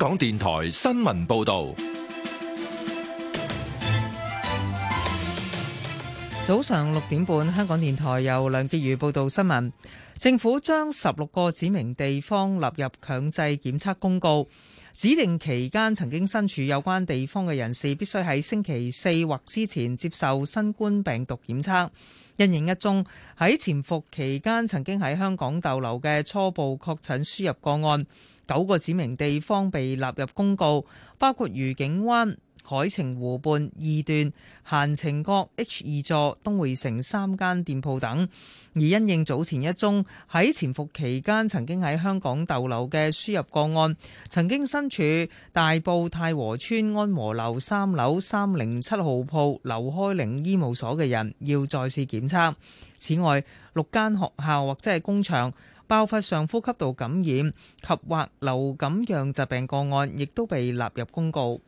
香港電台新聞報道，早上六點半，香港電台由梁潔如報道新聞。政府將十六個指明地方納入強制檢測公告。指定期間曾經身處有關地方嘅人士，必須喺星期四或之前接受新冠病毒檢測。人言一人一宗喺潛伏期間曾經喺香港逗留嘅初步確診輸入個案，九個指明地方被納入公告，包括愉景灣、海澄湖畔二段、閒情角、H 二座、東匯城三間店鋪等，而因應早前一宗喺潛伏期間曾經喺香港逗留嘅輸入個案，曾經身處大埔太和邨安和樓三樓三零七號鋪劉開玲醫務所嘅人要再次檢測。此外，六間學校或者係工場爆發上呼吸道感染及或流感樣疾病個案，亦都被納入公告。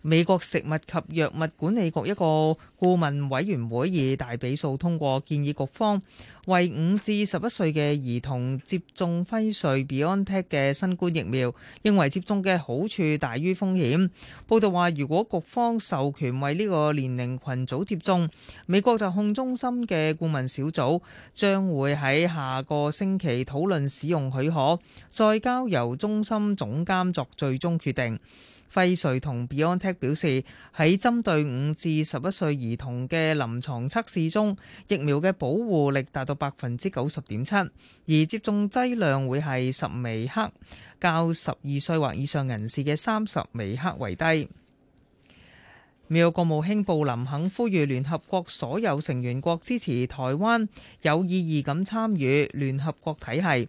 美國食物及藥物管理局一個顧問委員會以大比數通過建議局方為五至十一歲嘅兒童接種輝瑞 BioNTech 嘅新冠疫苗，認為接種嘅好處大於風險。報道話，如果局方授權為呢個年齡群組接種，美國疾控中心嘅顧問小組將會喺下個星期討論使用許可，再交由中心總監作最終決定。輝瑞同 BioNTech 表示，喺針對五至十一歲兒童嘅臨床測試中，疫苗嘅保護力達到百分之九十點七，而接種劑量會係十微克，較十二歲或以上人士嘅三十微克為低。美國國務卿布林肯呼籲聯合國所有成員國支持台灣有意義咁參與聯合國體系。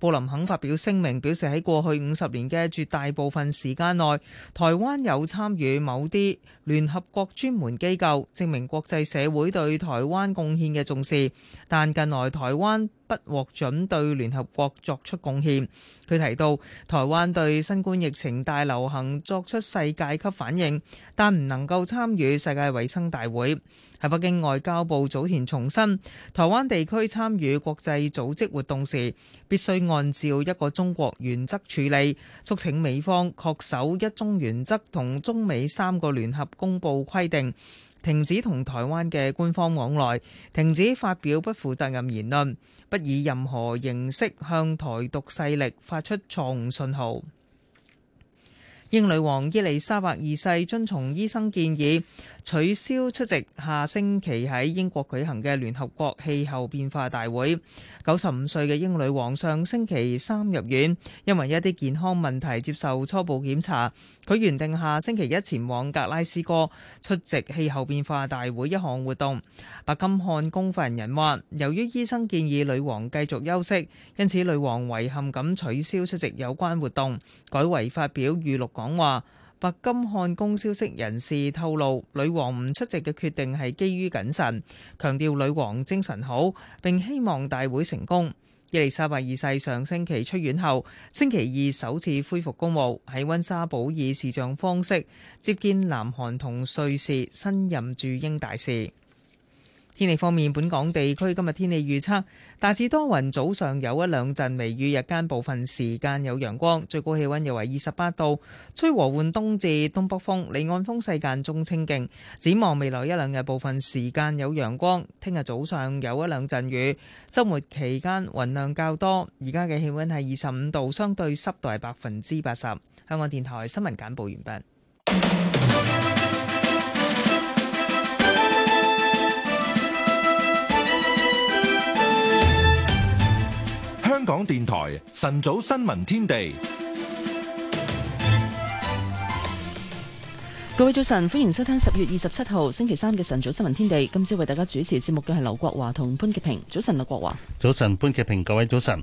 布林肯發表聲明，表示喺過去五十年嘅絕大部分時間內，台灣有參與某啲聯合國專門機構，證明國際社會對台灣貢獻嘅重視。但近來台灣不獲准對聯合國作出貢獻。佢提到，台灣對新冠疫情大流行作出世界級反應，但唔能夠參與世界衞生大會。喺北京外交部早前重申，台灣地區參與國際組織活動時，必須按照一個中國原則處理，促請美方確守一中原則同中美三個聯合公佈規定。停止同台灣嘅官方往來，停止發表不負責任言論，不以任何形式向台獨勢力發出錯誤信號。英女王伊麗莎白二世遵從醫生建議。取消出席下星期喺英國舉行嘅聯合國氣候變化大會，九十五歲嘅英女王上星期三入院，因為一啲健康問題接受初步檢查。佢原定下星期一前往格拉斯哥出席氣候變化大會一項活動。白金漢宮發言人話，由於醫生建議女王繼續休息，因此女王遺憾咁取消出席有關活動，改為發表預錄講話。白金漢宮消息人士透露，女王唔出席嘅決定係基於謹慎，強調女王精神好，並希望大會成功。伊麗莎白二世上星期出院後，星期二首次恢復公務，喺溫莎堡以視像方式接見南韓同瑞士新任駐英大使。天氣方面，本港地區今日天氣預測，大致多雲，早上有一兩陣微雨，日間部分時間有陽光，最高氣溫約為二十八度。吹和緩東至東北風，離岸風勢間中清勁。展望未來一兩日，部分時間有陽光。聽日早上有一兩陣雨，週末期間雲量較多。而家嘅氣溫係二十五度，相對濕度係百分之八十。香港電台新聞簡報完畢。香港電台晨早新聞天地，各位早晨，歡迎收聽十月二十七號星期三嘅晨早新聞天地。今朝為大家主持節目嘅係劉國華同潘潔平。早晨，劉國華，早晨，潘潔平，各位早晨。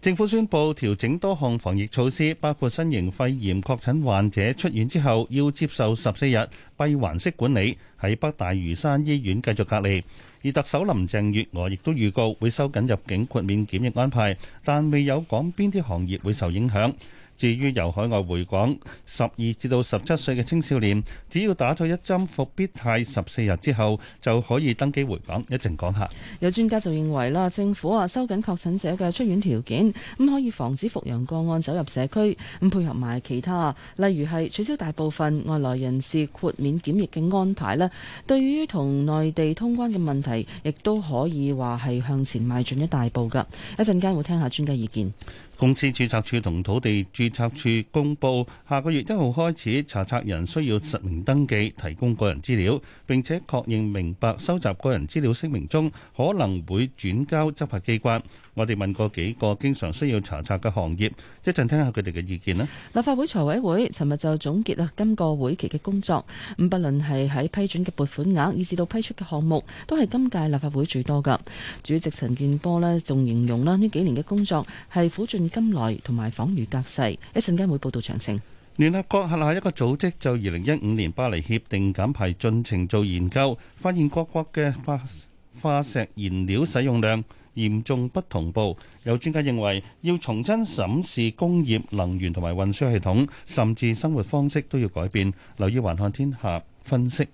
政府宣布調整多項防疫措施，包括新型肺炎確診患者出院之後要接受十四日閉環式管理，喺北大嶼山醫院繼續隔離。而特首林鄭月娥亦都預告會收緊入境豁免檢疫安排，但未有講邊啲行業會受影響。至於由海外回港，十二至到十七歲嘅青少年，只要打咗一針復必泰十四日之後，就可以登機回港。一陣講下。有專家就認為啦，政府話收緊確診者嘅出院條件，咁可以防止復陽個案走入社區，咁配合埋其他，例如係取消大部分外來人士豁免檢疫嘅安排咧。對於同內地通關嘅問題，亦都可以話係向前邁進一大步㗎。一陣間會聽下專家意見。公司註冊處同土地註冊處公布，下個月一號開始，查冊人需要實名登記，提供個人資料，並且確認明白收集個人資料聲明中可能會轉交執法機關，我哋問過幾個經常需要查冊嘅行業，一陣聽下佢哋嘅意見啦。立法會財委會尋日就總結啦今個會期嘅工作，咁不論係喺批准嘅撥款額以至到批出嘅項目，都係今屆立法會最多嘅。主席陳建波呢仲形容啦呢幾年嘅工作係苦盡。今來同埋仿如隔世，一陣間會報道詳情。聯合國轄下一個組織就二零一五年巴黎協定減排進程做研究，發現各國嘅化化石燃料使用量嚴重不同步。有專家認為要重新審視工業能源同埋運輸系統，甚至生活方式都要改變。留意環看天下。分析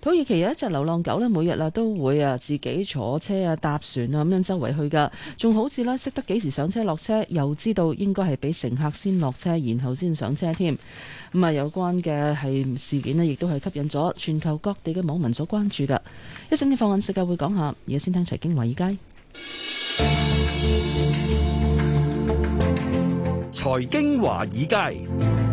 土耳其有一隻流浪狗咧，每日啊都會啊自己坐車啊搭船啊咁樣周圍去噶，仲好似咧識得幾時上車落車，又知道應該係俾乘客先落車，然後先上車添。咁啊，有關嘅係事件咧，亦都係吸引咗全球各地嘅網民所關注噶。一陣嘅放眼世界會講下，而家先聽財經華爾街。財經華爾街。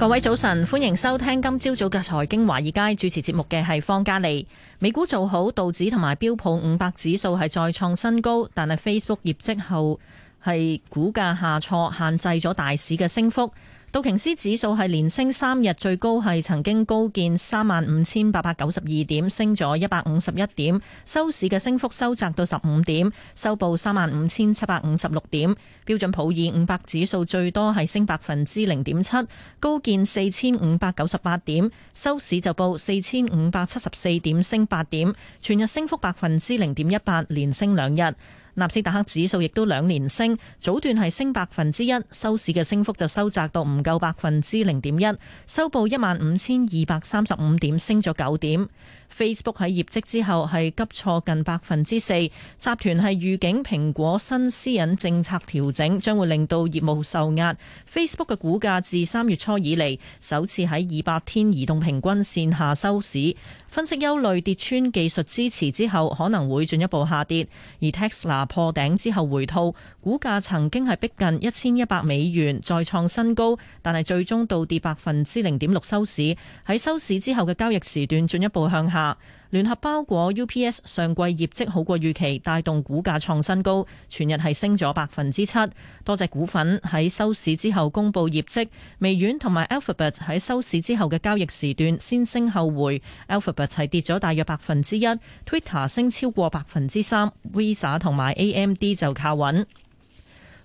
各位早晨，歡迎收聽今朝早嘅財經華爾街主持節目嘅係方嘉莉。美股做好，道指同埋標普五百指數係再創新高，但係 Facebook 業績後係股價下挫，限制咗大市嘅升幅。道瓊斯指數係連升三日，最高係曾經高見三萬五千八百九十二點，升咗一百五十一點，收市嘅升幅收窄到十五點，收報三萬五千七百五十六點。標準普爾五百指數最多係升百分之零點七，高見四千五百九十八點，收市就報四千五百七十四點，升八點，全日升幅百分之零點一八，連升兩日。納斯達克指數亦都兩年升，早段係升百分之一，收市嘅升幅就收窄到唔夠百分之零點一，收報一萬五千二百三十五點，升咗九點。Facebook 喺業績之後係急挫近百分之四，集團係預警蘋果新私隱政策調整將會令到業務受壓。Facebook 嘅股價自三月初以嚟，首次喺二百天移動平均線下收市。分析憂慮跌穿技術支持之後可能會進一步下跌，而 Tesla 破頂之後回吐，股價曾經係逼近一千一百美元再創新高，但係最終倒跌百分之零點六收市。喺收市之後嘅交易時段進一步向下。聯合包裹 UPS 上季業績好過預期，帶動股價創新高，全日係升咗百分之七。多隻股份喺收市之後公布業績，微軟同埋 Alphabet 喺收市之後嘅交易時段先升後回，Alphabet 係跌咗大約百分之一。Twitter 升超過百分之三，Visa 同埋 AMD 就靠穩。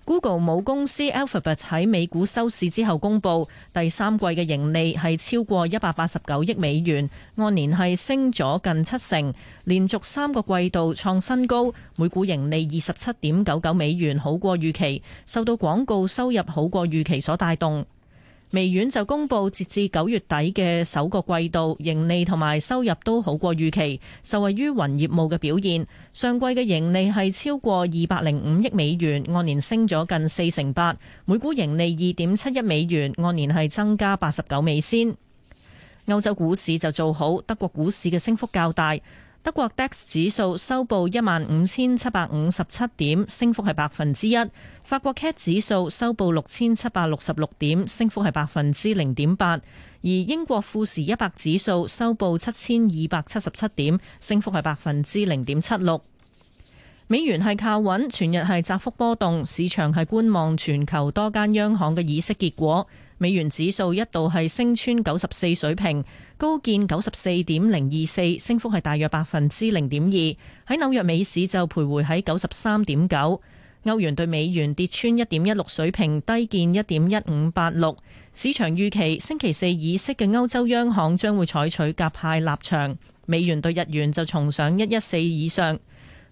Google 母公司 Alphabet 喺美股收市之後公佈第三季嘅盈利係超過一百八十九億美元，按年係升咗近七成，連續三個季度創新高，每股盈利二十七點九九美元，好過預期，受到廣告收入好過預期所帶動。微軟就公布，截至九月底嘅首個季度盈利同埋收入都好過預期，受惠於雲業務嘅表現。上季嘅盈利係超過二百零五億美元，按年升咗近四成八，每股盈利二點七一美元，按年係增加八十九美仙。歐洲股市就做好，德國股市嘅升幅較大。德國 DAX 指數收報一萬五千七百五十七點，升幅係百分之一。法國 CAC 指數收報六千七百六十六點，升幅係百分之零點八。而英國富時一百指數收報七千二百七十七點，升幅係百分之零點七六。美元係靠穩，全日係窄幅波動，市場係觀望全球多間央行嘅議息結果。美元指數一度係升穿九十四水平，高見九十四點零二四，升幅係大約百分之零點二。喺紐約美市就徘徊喺九十三點九。歐元對美元跌穿一點一六水平，低見一點一五八六。市場預期星期四議息嘅歐洲央行將會採取鴿派立場。美元對日元就重上一一四以上，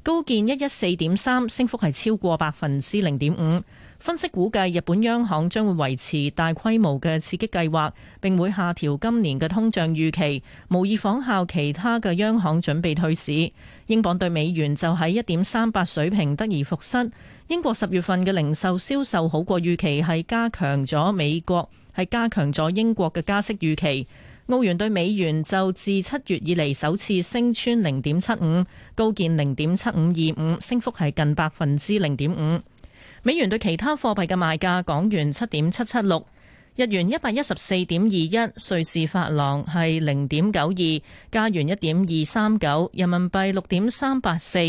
高見一一四點三，升幅係超過百分之零點五。分析估計，日本央行將會維持大規模嘅刺激計劃，並會下調今年嘅通脹預期，無意仿效其他嘅央行準備退市。英鎊對美元就喺一點三八水平得而復失。英國十月份嘅零售銷售好過預期，係加強咗美國係加強咗英國嘅加息預期。澳元對美元就自七月以嚟首次升穿零點七五，高見零點七五二五，升幅係近百分之零點五。美元對其他貨幣嘅賣價：港元七點七七六，日元一百一十四點二一，瑞士法郎係零點九二，加元一點二三九，人民幣六點三八四，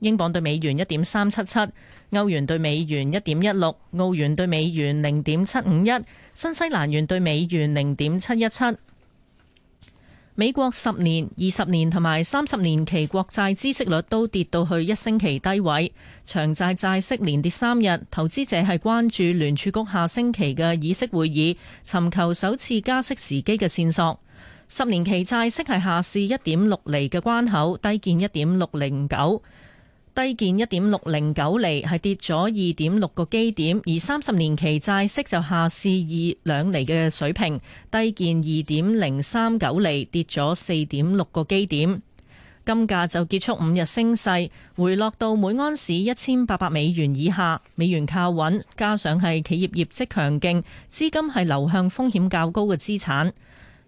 英鎊對美元一點三七七，歐元對美元一點一六，澳元對美元零點七五一，新西蘭元對美元零點七一七。美國十年、二十年同埋三十年期國債孳息率都跌到去一星期低位，長債債息連跌三日，投資者係關注聯儲局下星期嘅議息會議，尋求首次加息時機嘅線索。十年期債息係下試一點六厘嘅關口，低見一點六零九。低見一點六零九厘，係跌咗二點六個基點；而三十年期債息就下試二兩厘嘅水平，低見二點零三九厘，跌咗四點六個基點。金價就結束五日升勢，回落到每安士一千八百美元以下。美元靠穩，加上係企業業績強勁，資金係流向風險較高嘅資產。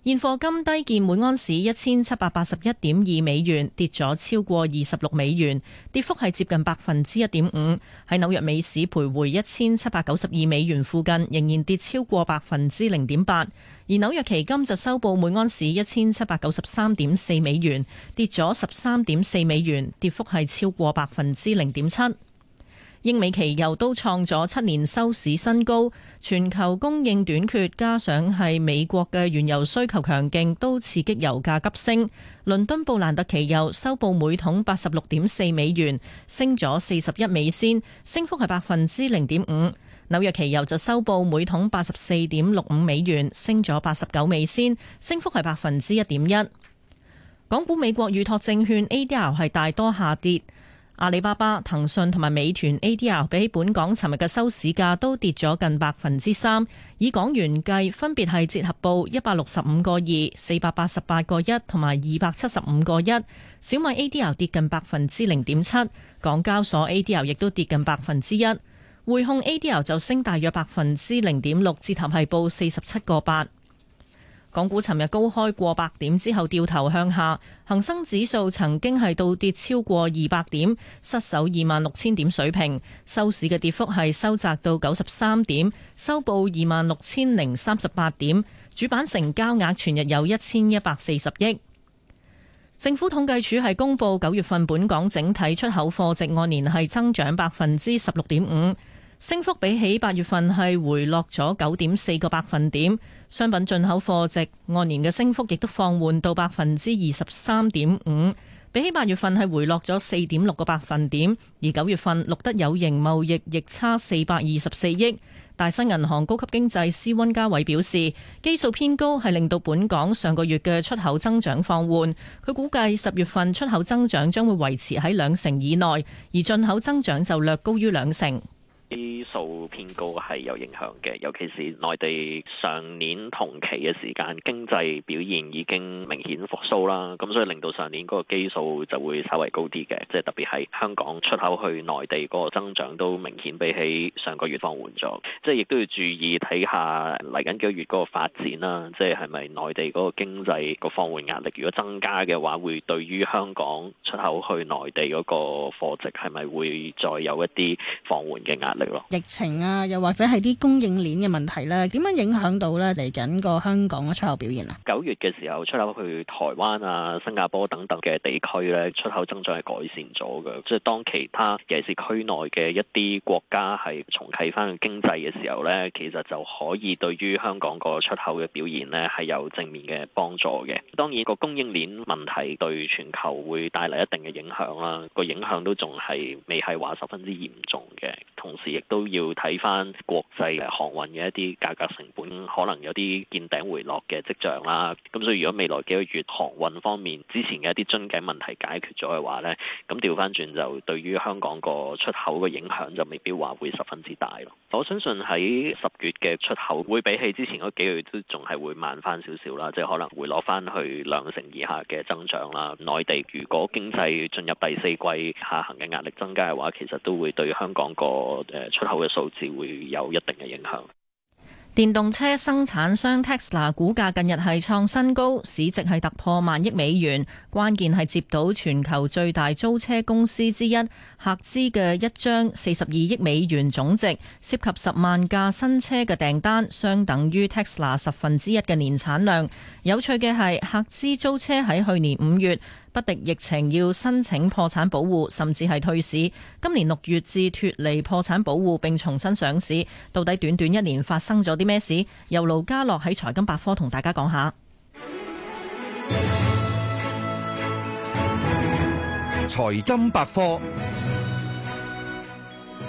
現貨金低見每盎司，一千七百八十一點二美元，跌咗超過二十六美元，跌幅係接近百分之一點五。喺紐約美市徘徊一千七百九十二美元附近，仍然跌超過百分之零點八。而紐約期金就收報每盎司，一千七百九十三點四美元，跌咗十三點四美元，跌幅係超過百分之零點七。英美期油都創咗七年收市新高，全球供應短缺加上係美國嘅原油需求強勁，都刺激油價急升。倫敦布蘭特期油收報每桶八十六點四美元，升咗四十一美仙，升幅係百分之零點五。紐約期油就收報每桶八十四點六五美元，升咗八十九美仙，升幅係百分之一點一。港股美國預託證券 ADR 係大多下跌。阿里巴巴、騰訊同埋美團 A D R 比起本港尋日嘅收市價都跌咗近百分之三，以港元計分別係折合報一百六十五個二、四百八十八個一，同埋二百七十五個一。小米 A D R 跌近百分之零點七，港交所 A D R 亦都跌近百分之一，匯控 A D R 就升大約百分之零點六，折合係報四十七個八。港股尋日高開過百點之後掉頭向下，恒生指數曾經係倒跌超過二百點，失守二萬六千點水平。收市嘅跌幅係收窄到九十三點，收報二萬六千零三十八點。主板成交額全日有一千一百四十億。政府統計處係公布九月份本港整體出口貨值按年係增長百分之十六點五，升幅比起八月份係回落咗九點四個百分點。商品進口貨值按年嘅升幅亦都放緩到百分之二十三點五，比起八月份係回落咗四點六個百分點。而九月份錄得有形貿易逆差四百二十四億。大新銀行高級經濟師温家偉表示，基數偏高係令到本港上個月嘅出口增長放緩。佢估計十月份出口增長將會維持喺兩成以內，而進口增長就略高於兩成。基數偏高係有影響嘅，尤其是內地上年同期嘅時間，經濟表現已經明顯復甦啦。咁所以令到上年嗰個基數就會稍微高啲嘅，即係特別係香港出口去內地嗰個增長都明顯比起上個月放緩咗。即係亦都要注意睇下嚟緊幾個月嗰個發展啦，即係係咪內地嗰個經濟個放緩壓力如果增加嘅話，會對於香港出口去內地嗰個貨值係咪會再有一啲放緩嘅壓力？疫情啊，又或者係啲供應鏈嘅問題咧，點樣影響到咧嚟緊個香港嘅出口表現啊？九月嘅時候，出口去台灣啊、新加坡等等嘅地區咧，出口增長係改善咗嘅。即係當其他尤其是區內嘅一啲國家係重啟翻嘅經濟嘅時候咧，其實就可以對於香港個出口嘅表現咧係有正面嘅幫助嘅。當然個供應鏈問題對全球會帶嚟一定嘅影響啦，個影響都仲係未係話十分之嚴重嘅，同時。亦都要睇翻國際航運嘅一啲價格成本，可能有啲見頂回落嘅跡象啦。咁所以如果未來幾個月航運方面之前嘅一啲樽頸問題解決咗嘅話呢，咁調翻轉就對於香港個出口嘅影響就未必話會十分之大咯。我相信喺十月嘅出口會比起之前嗰幾個月都仲係會慢翻少少啦，即係可能回落翻去兩成以下嘅增長啦。內地如果經濟進入第四季下行嘅壓力增加嘅話，其實都會對香港個出口嘅數字會有一定嘅影響。電動車生產商 Tesla 股價近日係創新高，市值係突破萬億美元。關鍵係接到全球最大租車公司之一赫茲嘅一張四十二億美元總值，涉及十萬架新車嘅訂單，相等於 Tesla 十分之一嘅年產量。有趣嘅係，赫茲租車喺去年五月。不敵疫情，要申請破產保護，甚至係退市。今年六月至脫離破產保護並重新上市，到底短短一年發生咗啲咩事？由盧家樂喺財金百科同大家講下。財金百科。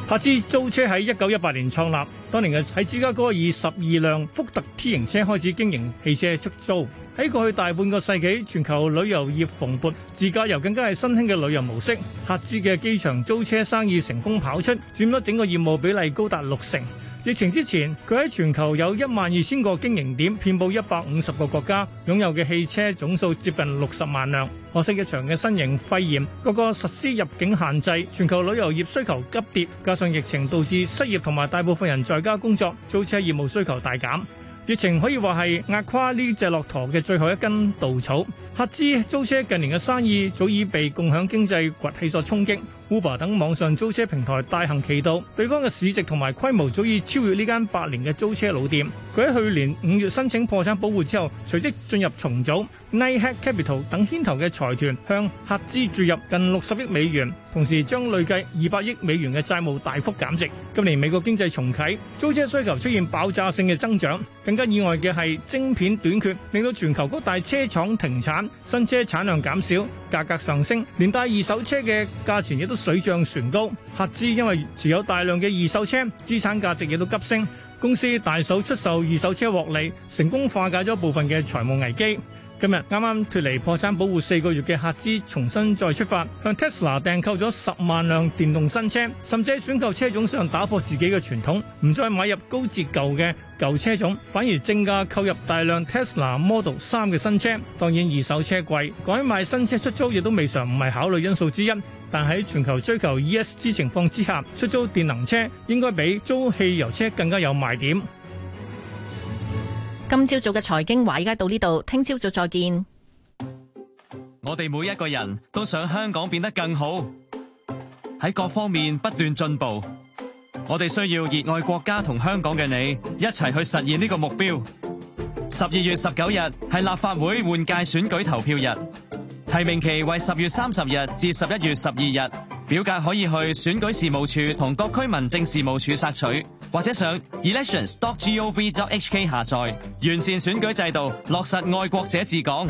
赫茲租車喺一九一八年創立，當年嘅喺芝加哥以十二輛福特 T 型車開始經營汽車出租。喺過去大半個世紀，全球旅遊業蓬勃，自駕遊更加係新興嘅旅遊模式。赫茲嘅機場租車生意成功跑出，佔咗整個業務比例高達六成。疫情之前，佢喺全球有一萬二千個經營點，遍布一百五十個國家，擁有嘅汽車總數接近六十萬輛，可惜一場嘅新型肺炎，個個實施入境限制，全球旅遊業需求急跌，加上疫情導致失業同埋大部分人在家工作，租車業務需求大減，疫情可以話，係壓垮呢隻駱駝嘅最後一根稻草。合資租車近年嘅生意早已被共享經濟崛起所衝擊。Uber 等網上租車平台大行其道，對方嘅市值同埋規模早已超越呢間百年嘅租車老店。佢喺去年五月申請破產保護之後，隨即進入重組。Knighthead Capital 等牽頭嘅財團向客資注入近六十億美元，同時將累計二百億美元嘅債務大幅減值。今年美國經濟重啟，租車需求出現爆炸性嘅增長。更加意外嘅係晶片短缺，令到全球各大車廠停產，新車產量減少。價格上升，連帶二手車嘅價錢亦都水漲船高。合資因為持有大量嘅二手車，資產價值亦都急升。公司大手出售二手車獲利，成功化解咗部分嘅財務危機。今日啱啱脱離破產保護四個月嘅客資重新再出發，向 Tesla 訂購咗十萬輛電動新車，甚至喺選購車種上打破自己嘅傳統，唔再買入高折舊嘅舊車種，反而正價購入大量 Tesla Model 三嘅新車。當然二手車貴，改賣新車出租亦都未常唔係考慮因素之一。但喺全球追求 ESG 情況之下，出租電能車應該比租汽油車更加有賣點。今朝早嘅財經話，依家到呢度，聽朝早再見。我哋每一個人都想香港變得更好，喺各方面不斷進步。我哋需要熱愛國家同香港嘅你，一齊去實現呢個目標。十二月十九日係立法會換屆選舉投票日。提名期為十月三十日至十一月十二日，表格可以去選舉事務處同各區民政事務署索取，或者上 elections.gov.hk 下載。完善選舉制度，落實愛國者治港。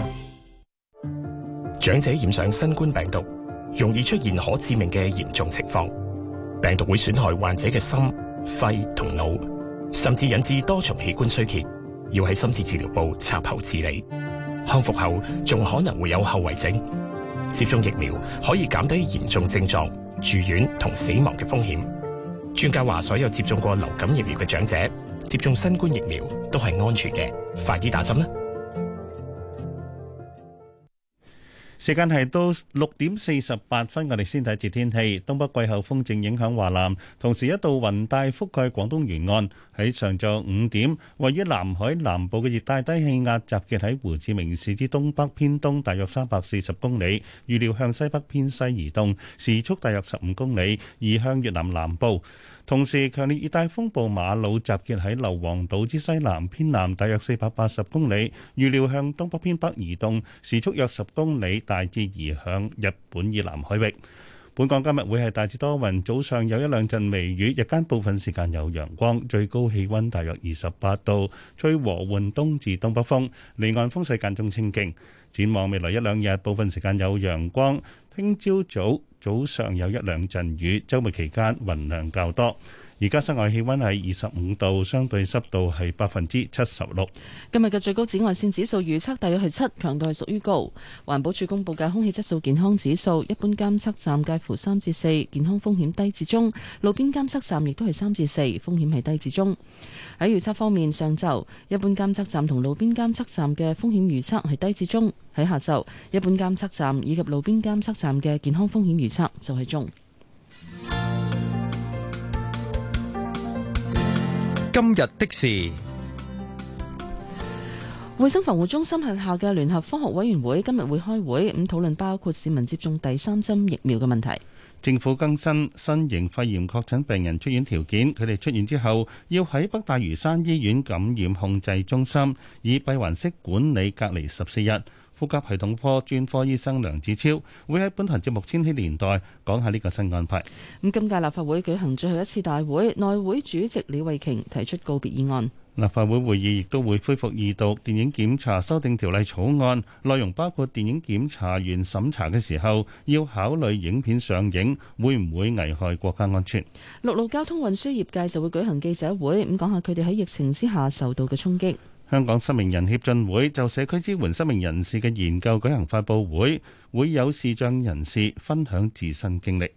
長者染上新冠病毒，容易出現可致命嘅嚴重情況。病毒會損害患者嘅心、肺同腦，甚至引致多重器官衰竭，要喺深切治療部插喉治理。康復後仲可能會有後遺症，接種疫苗可以減低嚴重症狀、住院同死亡嘅風險。專家話，所有接種過流感疫苗嘅長者，接種新冠疫苗都係安全嘅，快啲打針啦！時間係到六點四十八分，我哋先睇住天氣。東北季候風正影響華南，同時一道雲帶覆蓋廣東沿岸。喺上晝五點，位於南海南部嘅熱帶低氣壓集結喺胡志明市之東北偏東大約三百四十公里，預料向西北偏西移動，時速大約十五公里，移向越南南部。同時，強烈熱帶風暴馬路集結喺硫磺島之西南偏南大約四百八十公里，預料向東北偏北移動，時速約十公里，大致移向日本以南海域。本港今日會係大致多雲，早上有一兩陣微雨，日間部分時間有陽光，最高氣溫大約二十八度，吹和緩東至東北風，離岸風勢間中清勁。展望未來一兩日，部分時間有陽光，聽朝早。早上有一兩陣雨，周末期間雲量較多。而家室外氣溫係二十五度，相對濕度係百分之七十六。今日嘅最高紫外線指數預測大約係七，強度係屬於高。環保署公佈嘅空氣質素健康指數，一般監測站介乎三至四，健康風險低至中；路邊監測站亦都係三至四，風險係低至中。喺預測方面，上晝一般監測站同路邊監測站嘅風險預測係低至中；喺下晝一般監測站以及路邊監測站嘅健康風險預測就係中。今日的事，衛生防護中心轄下嘅聯合科學委員會今日會開會，咁討論包括市民接種第三針疫苗嘅問題。政府更新新型肺炎確診病人出院條件，佢哋出院之後要喺北大嶼山醫院感染控制中心以閉環式管理隔離十四日。呼吸系統科專科醫生梁子超會喺本台節目《千禧年代》講下呢個新安排。咁今屆立法會舉行最後一次大會，內會主席李慧瓊提出告別議案。立法會會議亦都會恢復二讀《電影檢查修訂條例草案》，內容包括電影檢查員審查嘅時候要考慮影片上映會唔會危害國家安全。陸路交通運輸業界就會舉行記者會，咁講下佢哋喺疫情之下受到嘅衝擊。香港失明人協進會就社區支援失明人士嘅研究舉行發佈會，會有視障人士分享自身經歷。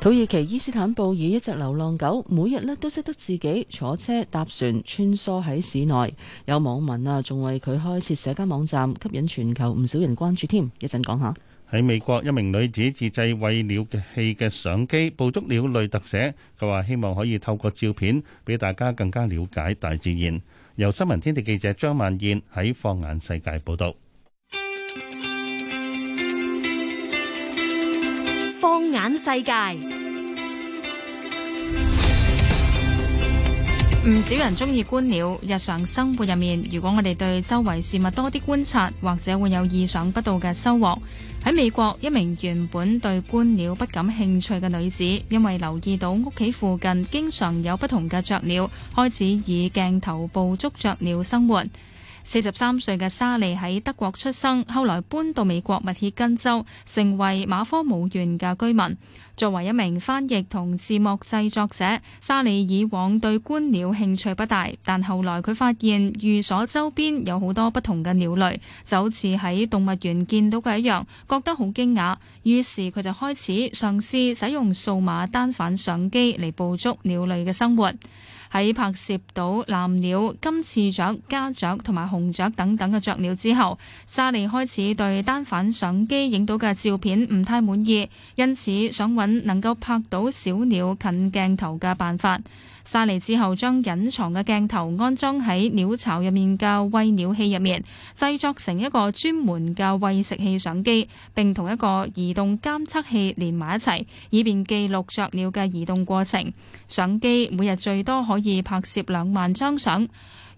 土耳其伊斯坦布爾一隻流浪狗，每日咧都識得自己坐車搭船穿梭喺市內。有網民啊，仲為佢開設社交網站，吸引全球唔少人關注添。一陣講下。喺美國，一名女子自製餵鳥器嘅相機捕捉鳥類特寫。佢話希望可以透過照片，俾大家更加了解大自然。由新聞天地記者張曼燕喺放眼世界報道。放眼世界，唔少人鍾意觀鳥。日常生活入面，如果我哋對周圍事物多啲觀察，或者會有意想不到嘅收穫。喺美國，一名原本對觀鳥不感興趣嘅女子，因為留意到屋企附近經常有不同嘅雀鳥，開始以鏡頭捕捉雀鳥生活。四十三歲嘅莎莉喺德國出生，後來搬到美國密歇根州，成為馬科姆縣嘅居民。作為一名翻譯同字幕製作者，莎莉以往對觀鳥興趣不大，但後來佢發現寓所周邊有好多不同嘅鳥類，就好似喺動物園見到嘅一樣，覺得好驚訝。於是佢就開始嘗試使用數碼單反相機嚟捕捉鳥類嘅生活。喺拍攝到藍鳥、金翅雀、家雀同埋紅雀等等嘅雀鳥之後，莎莉開始對單反相機影到嘅照片唔太滿意，因此想揾能夠拍到小鳥近鏡頭嘅辦法。晒嚟之後，將隱藏嘅鏡頭安裝喺鳥巢入面嘅餵鳥器入面，製作成一個專門嘅餵食器相機，並同一個移動監測器連埋一齊，以便記錄雀鳥嘅移動過程。相機每日最多可以拍攝兩萬張相。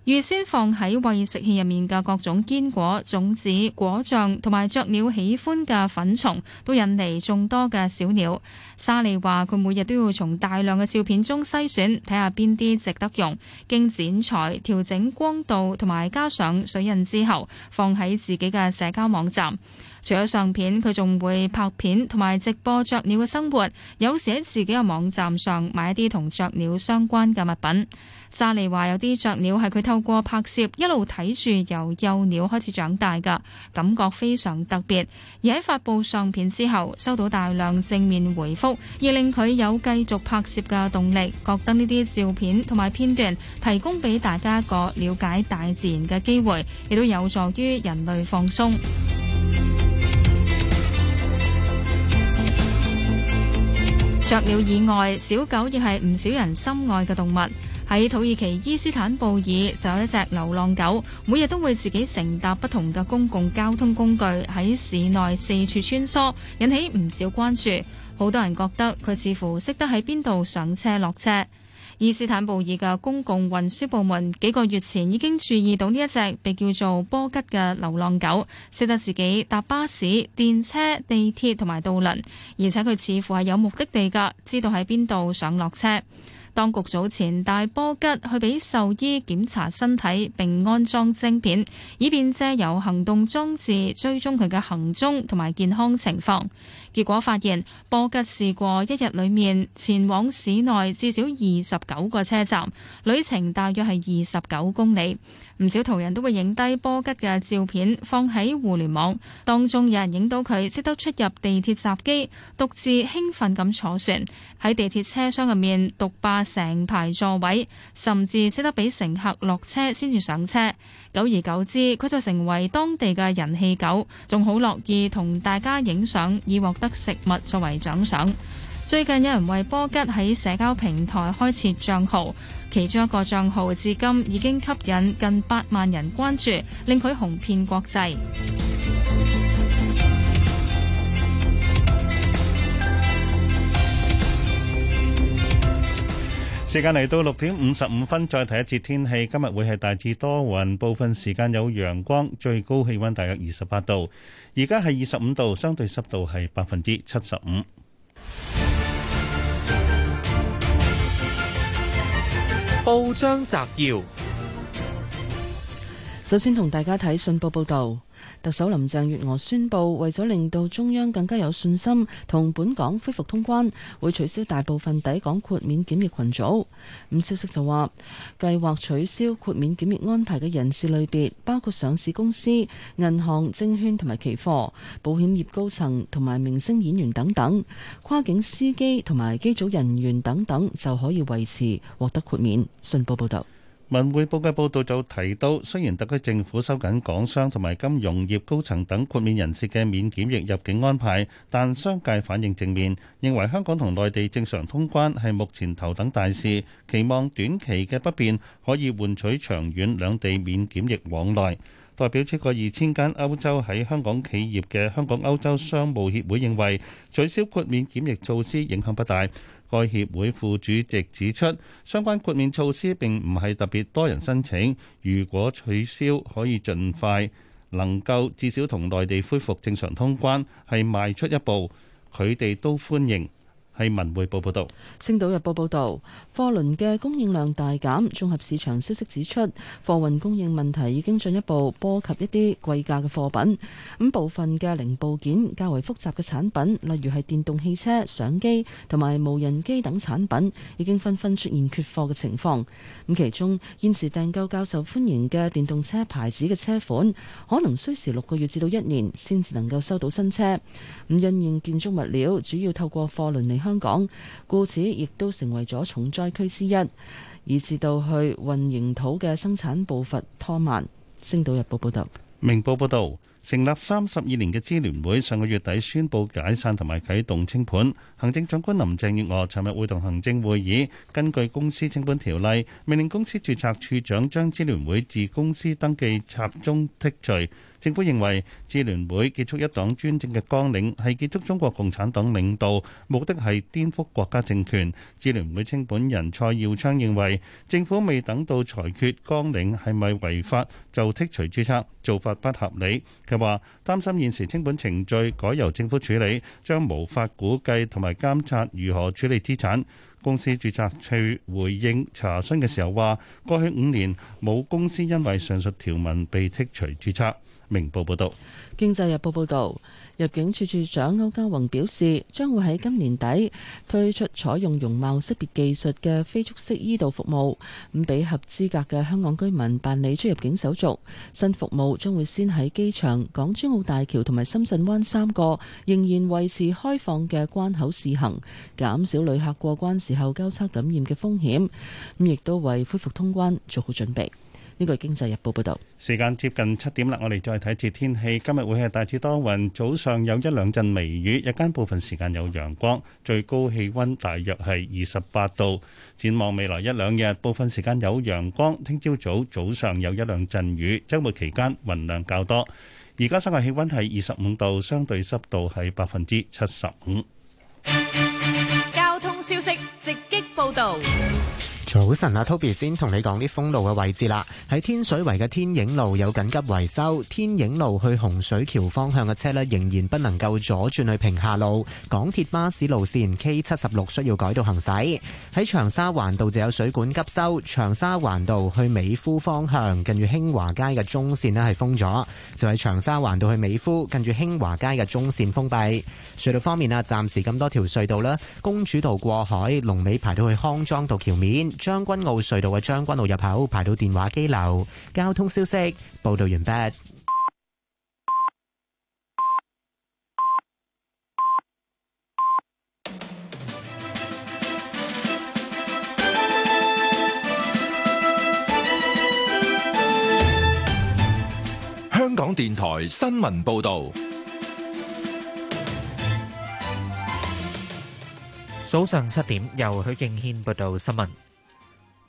預先放喺餵食器入面嘅各種堅果、種子、果醬同埋雀鳥喜歡嘅粉蟲，都引嚟眾多嘅小鳥。莎莉話佢每日都要從大量嘅照片中篩選，睇下邊啲值得用。經剪裁、調整光度同埋加上水印之後，放喺自己嘅社交網站。除咗相片，佢仲會拍片同埋直播雀鳥嘅生活。有時喺自己嘅網站上買一啲同雀鳥相關嘅物品。沙尼話：有啲雀鳥係佢透過拍攝一路睇住由幼鳥開始長大嘅，感覺非常特別。而喺發布相片之後，收到大量正面回覆，而令佢有繼續拍攝嘅動力。覺得呢啲照片同埋片段提供俾大家一個了解大自然嘅機會，亦都有助於人類放鬆。雀鳥以外，小狗亦係唔少人心愛嘅動物。喺土耳其伊斯坦布爾就有一隻流浪狗，每日都會自己乘搭不同嘅公共交通工具喺市內四處穿梭，引起唔少關注。好多人覺得佢似乎識得喺邊度上車落車。伊斯坦布爾嘅公共運輸部門幾個月前已經注意到呢一隻被叫做波吉嘅流浪狗，識得自己搭巴士、電車、地鐵同埋渡輪，而且佢似乎係有目的地㗎，知道喺邊度上落車。當局早前帶波吉去俾獸醫檢查身體，並安裝晶片，以便借由行動裝置追蹤佢嘅行蹤同埋健康情況。結果發現，波吉試過一日裏面前往市內至少二十九個車站，旅程大約係二十九公里。唔少途人都會影低波吉嘅照片放喺互聯網，當中有人影到佢識得出入地鐵閘機，獨自興奮咁坐船，喺地鐵車廂入面獨霸成排座位，甚至識得俾乘客落車先至上車。久而久之，佢就成為當地嘅人氣狗，仲好樂意同大家影相，以獲得食物作為獎賞。最近有人為波吉喺社交平台開設賬號，其中一個賬號至今已經吸引近八萬人關注，令佢紅遍國際。時間嚟到六點五十五分，再睇一次天氣。今日會係大致多雲，部分時間有陽光，最高氣溫大約二十八度。而家係二十五度，相對濕度係百分之七十五。報章摘要，首先同大家睇信報報道。特首林鄭月娥宣布，為咗令到中央更加有信心同本港恢復通關，會取消大部分抵港豁免檢疫群組。咁消息就話，計劃取消豁免檢疫安排嘅人士類別包括上市公司、銀行、證券同埋期貨、保險業高層同埋明星演員等等，跨境司機同埋機組人員等等就可以維持獲得豁免。信報報道。文匯報嘅報道就提到，雖然特區政府收緊港商同埋金融業高層等豁免人士嘅免檢疫入境安排，但商界反應正面，認為香港同內地正常通關係目前頭等大事，期望短期嘅不便可以換取長遠兩地免檢疫往來。代表超過二千間歐洲喺香港企業嘅香港歐洲商務協會認為，取消豁免檢疫措施影響不大。該協會副主席指出，相關豁免措施並唔係特別多人申請，如果取消，可以盡快能夠至少同內地恢復正常通關，係邁出一步，佢哋都歡迎。係文匯報報道，《星島日報》報道，貨輪嘅供應量大減。綜合市場消息指出，貨運供應問題已經進一步波及一啲貴價嘅貨品。咁部分嘅零部件較為複雜嘅產品，例如係電動汽車、相機同埋無人機等產品，已經紛紛出現缺貨嘅情況。咁其中，現時訂購較受歡迎嘅電動車牌子嘅車款，可能需時六個月至到一年，先至能夠收到新車。因應建築物料，主要透過貨輪離開。香港，故此亦都成為咗重災區之一，以至到去混凝土嘅生產步伐拖慢。星島日報報導，明報報導，成立三十二年嘅支聯會上個月底宣佈解散同埋啟動清盤。行政長官林鄭月娥尋日會同行政會議，根據公司清盤條例，命令公司註冊處長將支聯會自公司登記冊中剔除。政府認為，智聯會結束一黨專政嘅綱領係結束中國共產黨領導，目的係顛覆國家政權。智聯會清盤人蔡耀昌認為，政府未等到裁決綱領係咪違法就剔除註冊，做法不合理。佢話擔心現時清盤程序改由政府處理，將無法估計同埋監察如何處理資產。公司註冊處回應查詢嘅時候話，過去五年冇公司因為上述條文被剔除註冊。明報報導，《經濟日報》報導，入境處處長歐家宏表示，將會喺今年底推出採用容貌識別技術嘅非觸式 e- 道服務，咁俾合資格嘅香港居民辦理出入境手續。新服務將會先喺機場、港珠澳大橋同埋深圳灣三個仍然維持開放嘅關口試行，減少旅客過關時候交叉感染嘅風險，咁亦都為恢復通關做好準備。根據經濟日報報道，時間接近七點啦，我哋再睇次天氣。今日會係大致多雲，早上有一兩陣微雨，日間部分時間有陽光，最高氣溫大約係二十八度。展望未來一兩日，部分時間有陽光，聽朝早早上有一兩陣雨，周末期間雲量較多。而家室外氣溫係二十五度，相對濕度係百分之七十五。交通消息直擊報道。早晨啊，Toby 先同你講啲封路嘅位置啦。喺天水圍嘅天影路有緊急維修，天影路去洪水橋方向嘅車呢仍然不能夠左轉去平下路。港鐵巴士路線 K 七十六需要改道行駛。喺長沙灣道就有水管急修，長沙灣道去美孚方向近住興華街嘅中線呢係封咗，就喺、是、長沙灣道去美孚近住興華街嘅中線封閉。隧道方面啊，暫時咁多條隧道啦，公主道過海、龍尾排到去康莊道橋面。將軍澳隧道嘅將軍澳入口排到電話機樓。交通消息報道完畢。香港電台新聞報道。早上七點，由許敬軒報道新聞。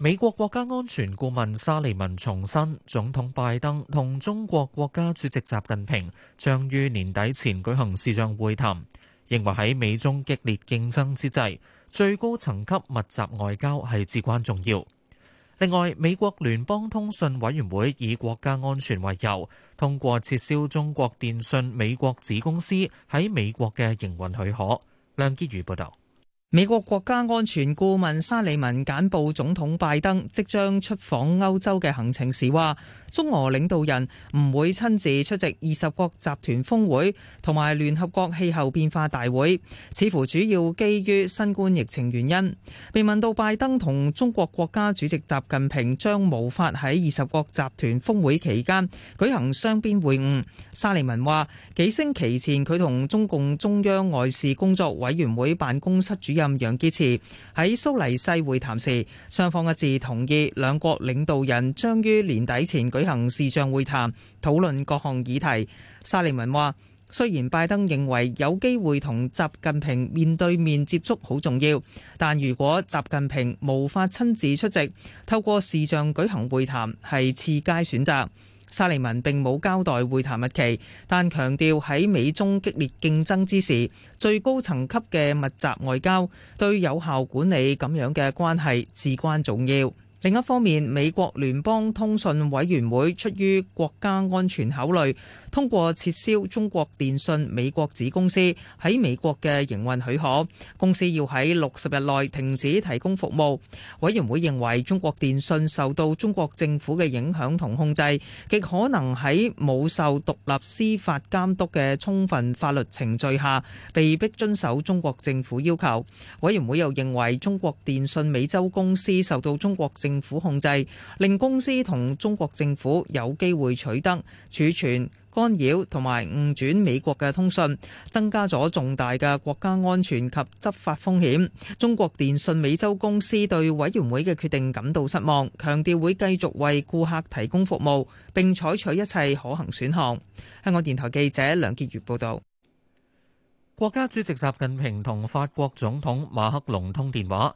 美國國家安全顧問沙利文重申，總統拜登同中國國家主席習近平將於年底前舉行視像會談，認為喺美中激烈競爭之際，最高層級密集外交係至關重要。另外，美國聯邦通訊委員會以國家安全為由，通過撤銷中國電信美國子公司喺美國嘅營運許可。梁潔如報道。美國國家安全顧問沙利文簡報總統拜登即將出訪歐洲嘅行程時，話中俄領導人唔會親自出席二十國集團峰會同埋聯合國氣候變化大會，似乎主要基於新冠疫情原因。被問到拜登同中國國家主席習近平將無法喺二十國集團峰會期間舉行雙邊會晤，沙利文話幾星期前佢同中共中央外事工作委員會辦公室主任。任楊潔篪喺蘇黎世會談時，雙方一致同意兩國領導人將於年底前舉行視像會談，討論各項議題。沙利文話：雖然拜登認為有機會同習近平面對面接觸好重要，但如果習近平無法親自出席，透過視像舉行會談係次佳選擇。沙利文並冇交代會談日期，但強調喺美中激烈競爭之時，最高層級嘅密集外交對有效管理咁樣嘅關係至關重要。另一方面，美國聯邦通訊委員會出於國家安全考慮，通過撤銷中國電信美國子公司喺美國嘅營運許可，公司要喺六十日內停止提供服務。委員會認為中國電信受到中國政府嘅影響同控制，極可能喺冇受獨立司法監督嘅充分法律程序下，被迫遵守中國政府要求。委員會又認為中國電信美洲公司受到中國政府控制，令公司同中國政府有機會取得儲存、干擾同埋誤轉美國嘅通訊，增加咗重大嘅國家安全及執法風險。中國電信美洲公司對委員會嘅決定感到失望，強調會繼續為顧客提供服務，並採取一切可行選項。香港電台記者梁潔如報道。國家主席習近平同法國總統馬克龍通電話。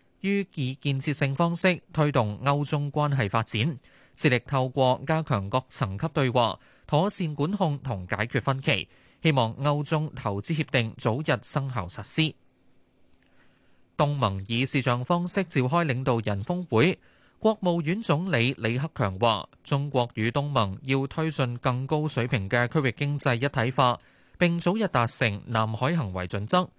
於以建設性方式推動歐中關係發展，致力透過加強各層級對話，妥善管控同解決分歧，希望歐中投資協定早日生效實施。東盟以視像方式召開領導人峰會，國務院總理李克強話：中國與東盟要推進更高水平嘅區域經濟一體化，並早日達成南海行為準則。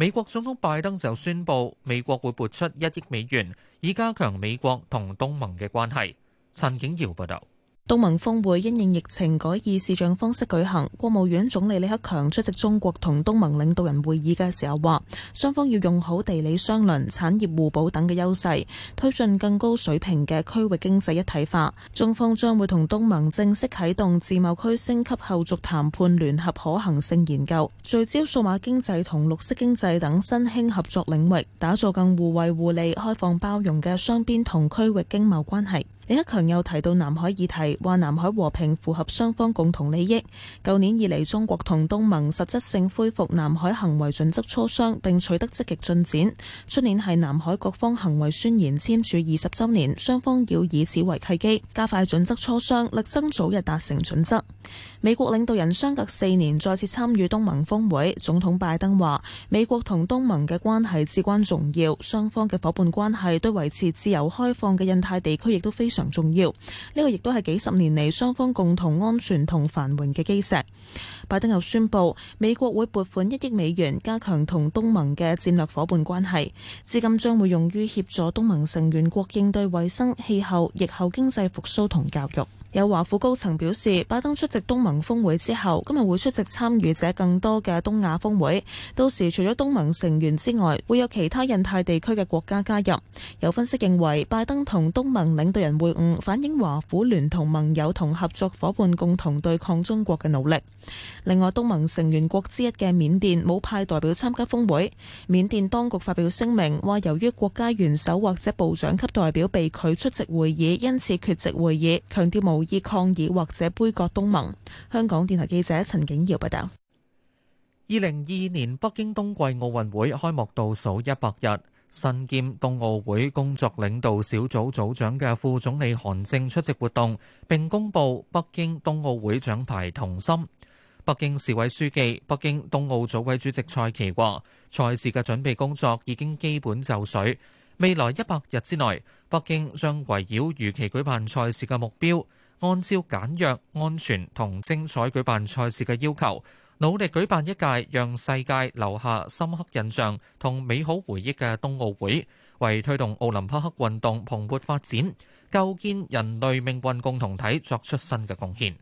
美國總統拜登就宣布，美國會撥出一億美元，以加強美國同東盟嘅關係。陳景堯報道。東盟峰會因應疫情改以視像方式舉行。國務院總理李克強出席中國同東盟領導人會議嘅時候話，雙方要用好地理相鄰、產業互補等嘅優勢，推進更高水平嘅區域經濟一體化。中方將會同東盟正式啟動自貿區升級後續談判聯合可行性研究，聚焦數碼經濟同綠色經濟等新興合作領域，打造更互惠互利、開放包容嘅雙邊同區域經貿關係。李克強又提到南海議題，話南海和平符合雙方共同利益。舊年以嚟，中國同東盟實質性恢復南海行為準則磋商並取得積極進展。出年係南海各方行為宣言簽署二十週年，雙方要以此為契機，加快準則磋商，力爭早日達成準則。美國領導人相隔四年再次參與東盟峰會，總統拜登話：美國同東盟嘅關係至關重要，雙方嘅伙伴關係對維持自由開放嘅印太地區亦都非常重要。呢個亦都係幾十年嚟雙方共同安全同繁榮嘅基石。拜登又宣布，美國會撥款一億美元加強同東盟嘅戰略伙伴關係，資金將會用於協助東盟成員國應對衞生、氣候、疫後經濟復甦同教育。有華府高層表示，拜登出席東盟峰會之後，今日會出席參與者更多嘅東亞峰會。到時除咗東盟成員之外，會有其他印太地區嘅國家加入。有分析認為，拜登同東盟領導人會晤，反映華府聯同盟友同合作伙伴共同對抗中國嘅努力。另外，東盟成員國之一嘅緬甸冇派代表參加峰會。緬甸當局發表聲明話，由於國家元首或者部長級代表被拒出席會議，因此缺席會議，強調冇以抗議或者杯葛東盟。香港電台記者陳景瑤報道。二零二二年北京冬季奧運會開幕倒數一百日，新兼冬奧會工作領導小組組長嘅副總理韓正出席活動，並公布北京冬奧會獎牌同心。北京市委書記、北京冬奧組委主席蔡奇話：賽事嘅準備工作已經基本就緒，未來一百日之內，北京將圍繞如期舉辦賽事嘅目標。按照簡約、安全同精彩舉辦賽事嘅要求，努力舉辦一屆讓世界留下深刻印象同美好回憶嘅冬奧會，為推動奧林匹克運動蓬勃發展、構建人類命運共同體作出新嘅貢獻。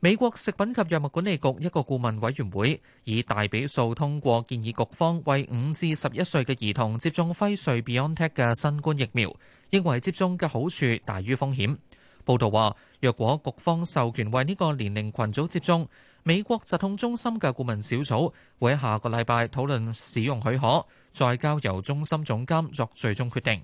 美國食品及藥物管理局一個顧問委員會以大比數通過建議，局方為五至十一歲嘅兒童接種輝瑞 BioNTech 嘅新冠疫苗，認為接種嘅好處大於風險。報道話，若果局方授權為呢個年齡群組接種，美國疾控中心嘅顧問小組會喺下個禮拜討論使用許可，再交由中心總監作最終決定。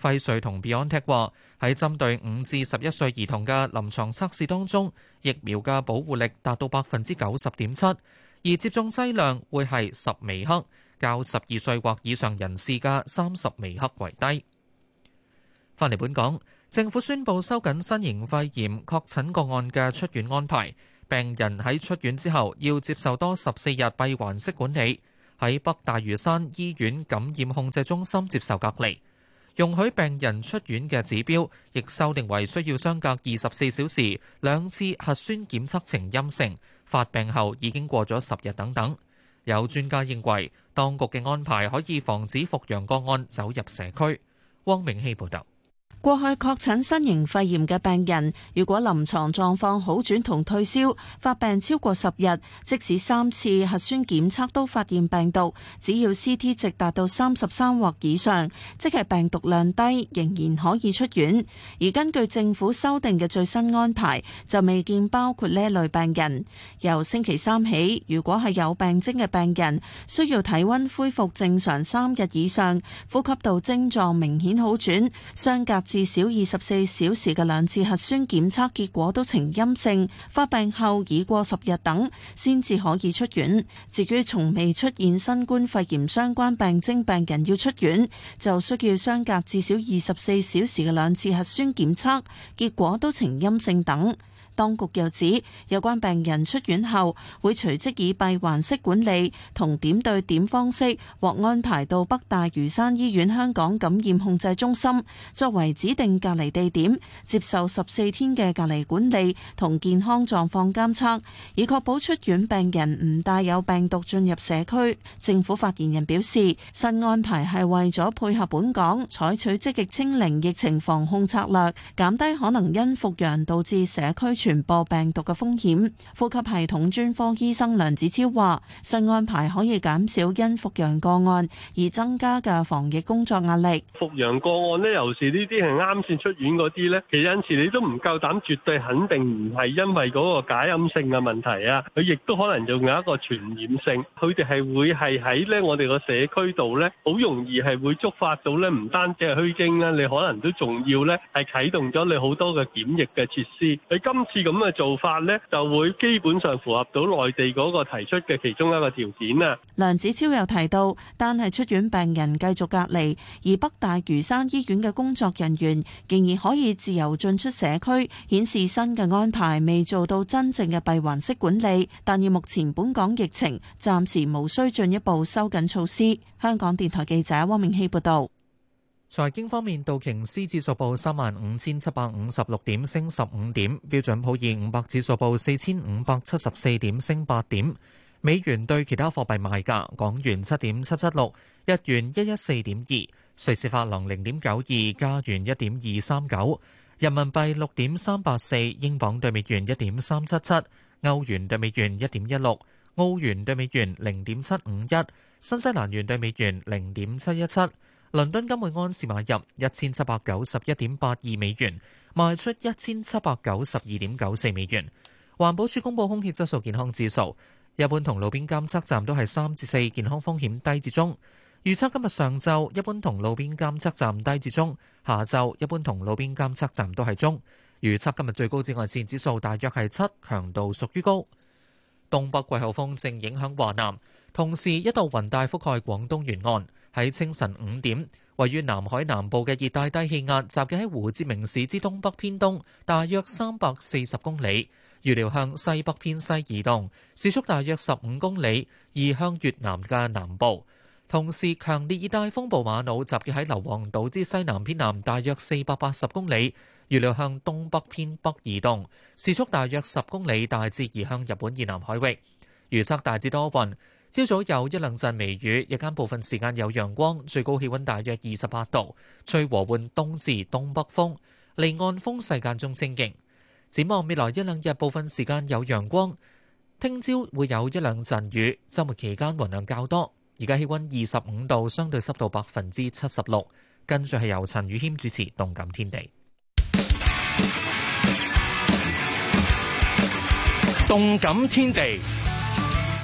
輝瑞同 BioNTech 話，喺針對五至十一歲兒童嘅臨床測試當中，疫苗嘅保護力達到百分之九十點七，而接種劑量會係十微克，較十二歲或以上人士嘅三十微克為低。翻嚟本港。政府宣佈收緊新型肺炎確診個案嘅出院安排，病人喺出院之後要接受多十四日閉環式管理，喺北大嶼山醫院感染控制中心接受隔離，容許病人出院嘅指標亦修訂為需要相隔二十四小時兩次核酸檢測呈陰性，發病後已經過咗十日等等。有專家認為，當局嘅安排可以防止復陽個案走入社區。汪明希報道。過去確診新型肺炎嘅病人，如果臨床狀況好轉同退燒，發病超過十日，即使三次核酸檢測都發現病毒，只要 CT 值達到三十三或以上，即係病毒量低，仍然可以出院。而根據政府修訂嘅最新安排，就未見包括呢一類病人。由星期三起，如果係有病徵嘅病人，需要體溫恢復正常三日以上，呼吸道症狀明顯好轉，相隔，至少二十四小時嘅兩次核酸檢測結果都呈陰性，發病後已過十日等，先至可以出院。至於從未出現新冠肺炎相關病徵病人要出院，就需要相隔至少二十四小時嘅兩次核酸檢測結果都呈陰性等。當局又指，有關病人出院後會隨即以閉環式管理同點對點方式，獲安排到北大嶼山醫院香港感染控制中心作為指定隔離地點，接受十四天嘅隔離管理同健康狀況監測，以確保出院病人唔帶有病毒進入社區。政府發言人表示，新安排係為咗配合本港採取積極清零疫情防控策略，減低可能因復陽導致社區傳播病毒嘅風險，呼吸系統專科醫生梁子超話：新安排可以減少因復陽個案而增加嘅防疫工作壓力。復陽個案咧，尤其是呢啲係啱先出院嗰啲咧，其實有陣時你都唔夠膽絕對肯定唔係因為嗰個假陰性嘅問題啊，佢亦都可能仲有一個傳染性，佢哋係會係喺咧我哋個社區度咧，好容易係會觸發到咧唔單止係虛驚啦，你可能都仲要咧係啟動咗你好多嘅檢疫嘅設施。你今啲咁嘅做法呢，就會基本上符合到內地嗰個提出嘅其中一個條件啊。梁子超又提到，但係出院病人繼續隔離，而北大儒山醫院嘅工作人員仍然可以自由進出社區，顯示新嘅安排未做到真正嘅閉環式管理，但以目前本港疫情暫時無需進一步收緊措施。香港電台記者汪明熙報導。財經方面，道瓊斯指數報三萬五千七百五十六點，升十五點；標準普爾五百指數報四千五百七十四點，升八點。美元對其他貨幣賣價：港元七點七七六，日元一一四點二，瑞士法郎零點九二，加元一點二三九，人民幣六點三八四，英鎊兌美元一點三七七，歐元兌美元一點一六，澳元兌美元零點七五一，新西蘭元兌美元零點七一七。倫敦金每盎司買入一千七百九十一點八二美元，賣出一千七百九十二點九四美元。環保署公布空氣質素健康指數，一般同路邊監測站都係三至四，健康風險低至中。預測今日上晝一般同路邊監測站低至中，下晝一般同路邊監測站都係中。預測今日最高紫外線指數大約係七，強度屬於高。東北季候風正影響華南，同時一道雲帶覆蓋廣東沿岸。喺清晨五點，位於南海南部嘅熱帶低氣壓，集結喺胡志明市之東北偏東，大約三百四十公里，預料向西北偏西移動，時速大約十五公里，移向越南嘅南部。同時，強烈熱帶風暴馬努，集結喺硫黃島之西南偏南，大約四百八十公里，預料向東北偏北移動，時速大約十公里，大致移向日本以南海域，預測大致多雲。朝早有一兩陣微雨，日間部分時間有陽光，最高氣溫大約二十八度，吹和緩東至東北風，離岸風勢間中清勁。展望未來一兩日部分時間有陽光，聽朝會有一兩陣雨，週末期間雲量較多。而家氣溫二十五度，相對濕度百分之七十六。跟住係由陳宇謙主持《動感天地》，《動感天地》。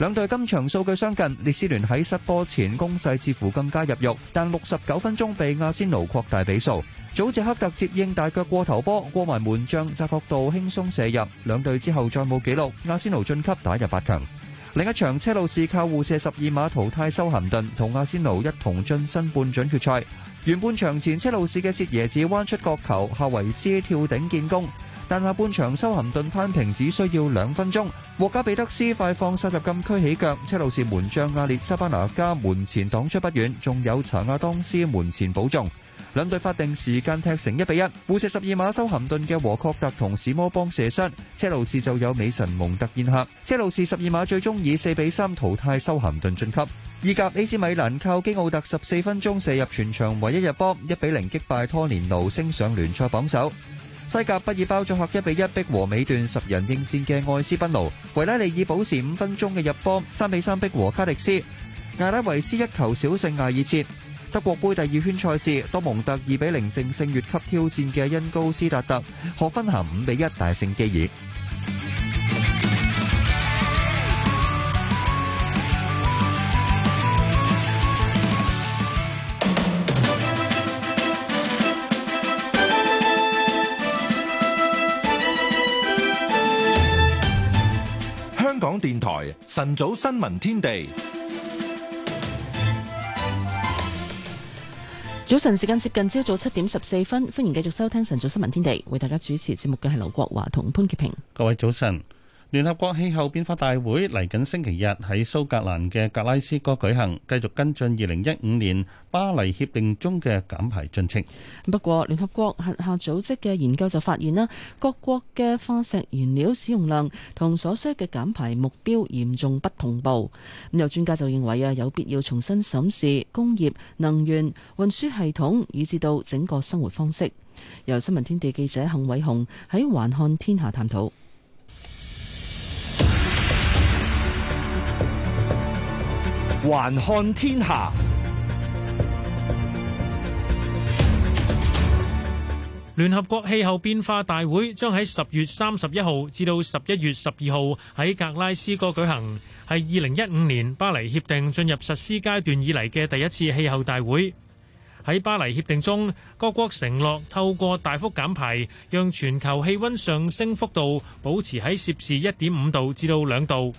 兩隊今場數據相近，列斯聯喺失波前攻勢似乎更加入肉，但六十九分鐘被阿仙奴擴大比數。早謝克特接應大腳過頭波，過埋門將，窄角度輕鬆射入。兩隊之後再冇紀錄，阿仙奴晉級打入八強。另一場車路士靠互射十二碼淘汰修咸頓，同阿仙奴一同晉身半準決賽。完半場前，車路士嘅薛椰子彎出角球，夏維斯跳頂建功。但下半場，修咸頓攤平只需要兩分鐘。獲加比德斯快放殺入禁區起腳，車路士門將亞列西班牙加門前擋出不遠，仲有查亞當斯門前補中。兩隊法定時間踢成一比一。互射十二碼，修咸頓嘅和確特同史摩邦射失，車路士就有美神蒙特宴客。車路士十二碼最終以四比三淘汰修咸頓晉級。意甲 AC 米蘭靠基奧特十四分鐘射入全場唯一入波，一比零擊敗拖連奴，升上聯賽榜首。西甲畢爾包作客一比一逼和尾段十人應戰嘅愛斯賓奴，維拉利爾保持五分鐘嘅入波，三比三逼和卡迪斯。艾拉維斯一球小勝艾爾切。德國盃第二圈賽事，多蒙特二比零淨勝越級挑戰嘅因高斯達特，可分含五比一大勝基爾。台晨早新聞天地，早晨時間接近朝早七點十四分，歡迎繼續收聽晨早新聞天地，為大家主持節目嘅係劉國華同潘潔平。各位早晨。聯合國氣候變化大會嚟緊星期日喺蘇格蘭嘅格拉斯哥舉行，繼續跟進二零一五年巴黎協定中嘅減排進程。不過，聯合國轄下組織嘅研究就發現啦，各國嘅化石燃料使用量同所需嘅減排目標嚴重不同步。咁有專家就認為啊，有必要重新審視工業、能源、運輸系統，以至到整個生活方式。由新聞天地記者幸偉雄喺環看天下探討。環看天下，聯合國氣候變化大會將喺十月三十一號至到十一月十二號喺格拉斯哥舉行，係二零一五年巴黎協定進入實施階段以嚟嘅第一次氣候大會。喺巴黎協定中，各國承諾透過大幅減排，讓全球氣溫上升幅度保持喺攝氏一點五度至到兩度。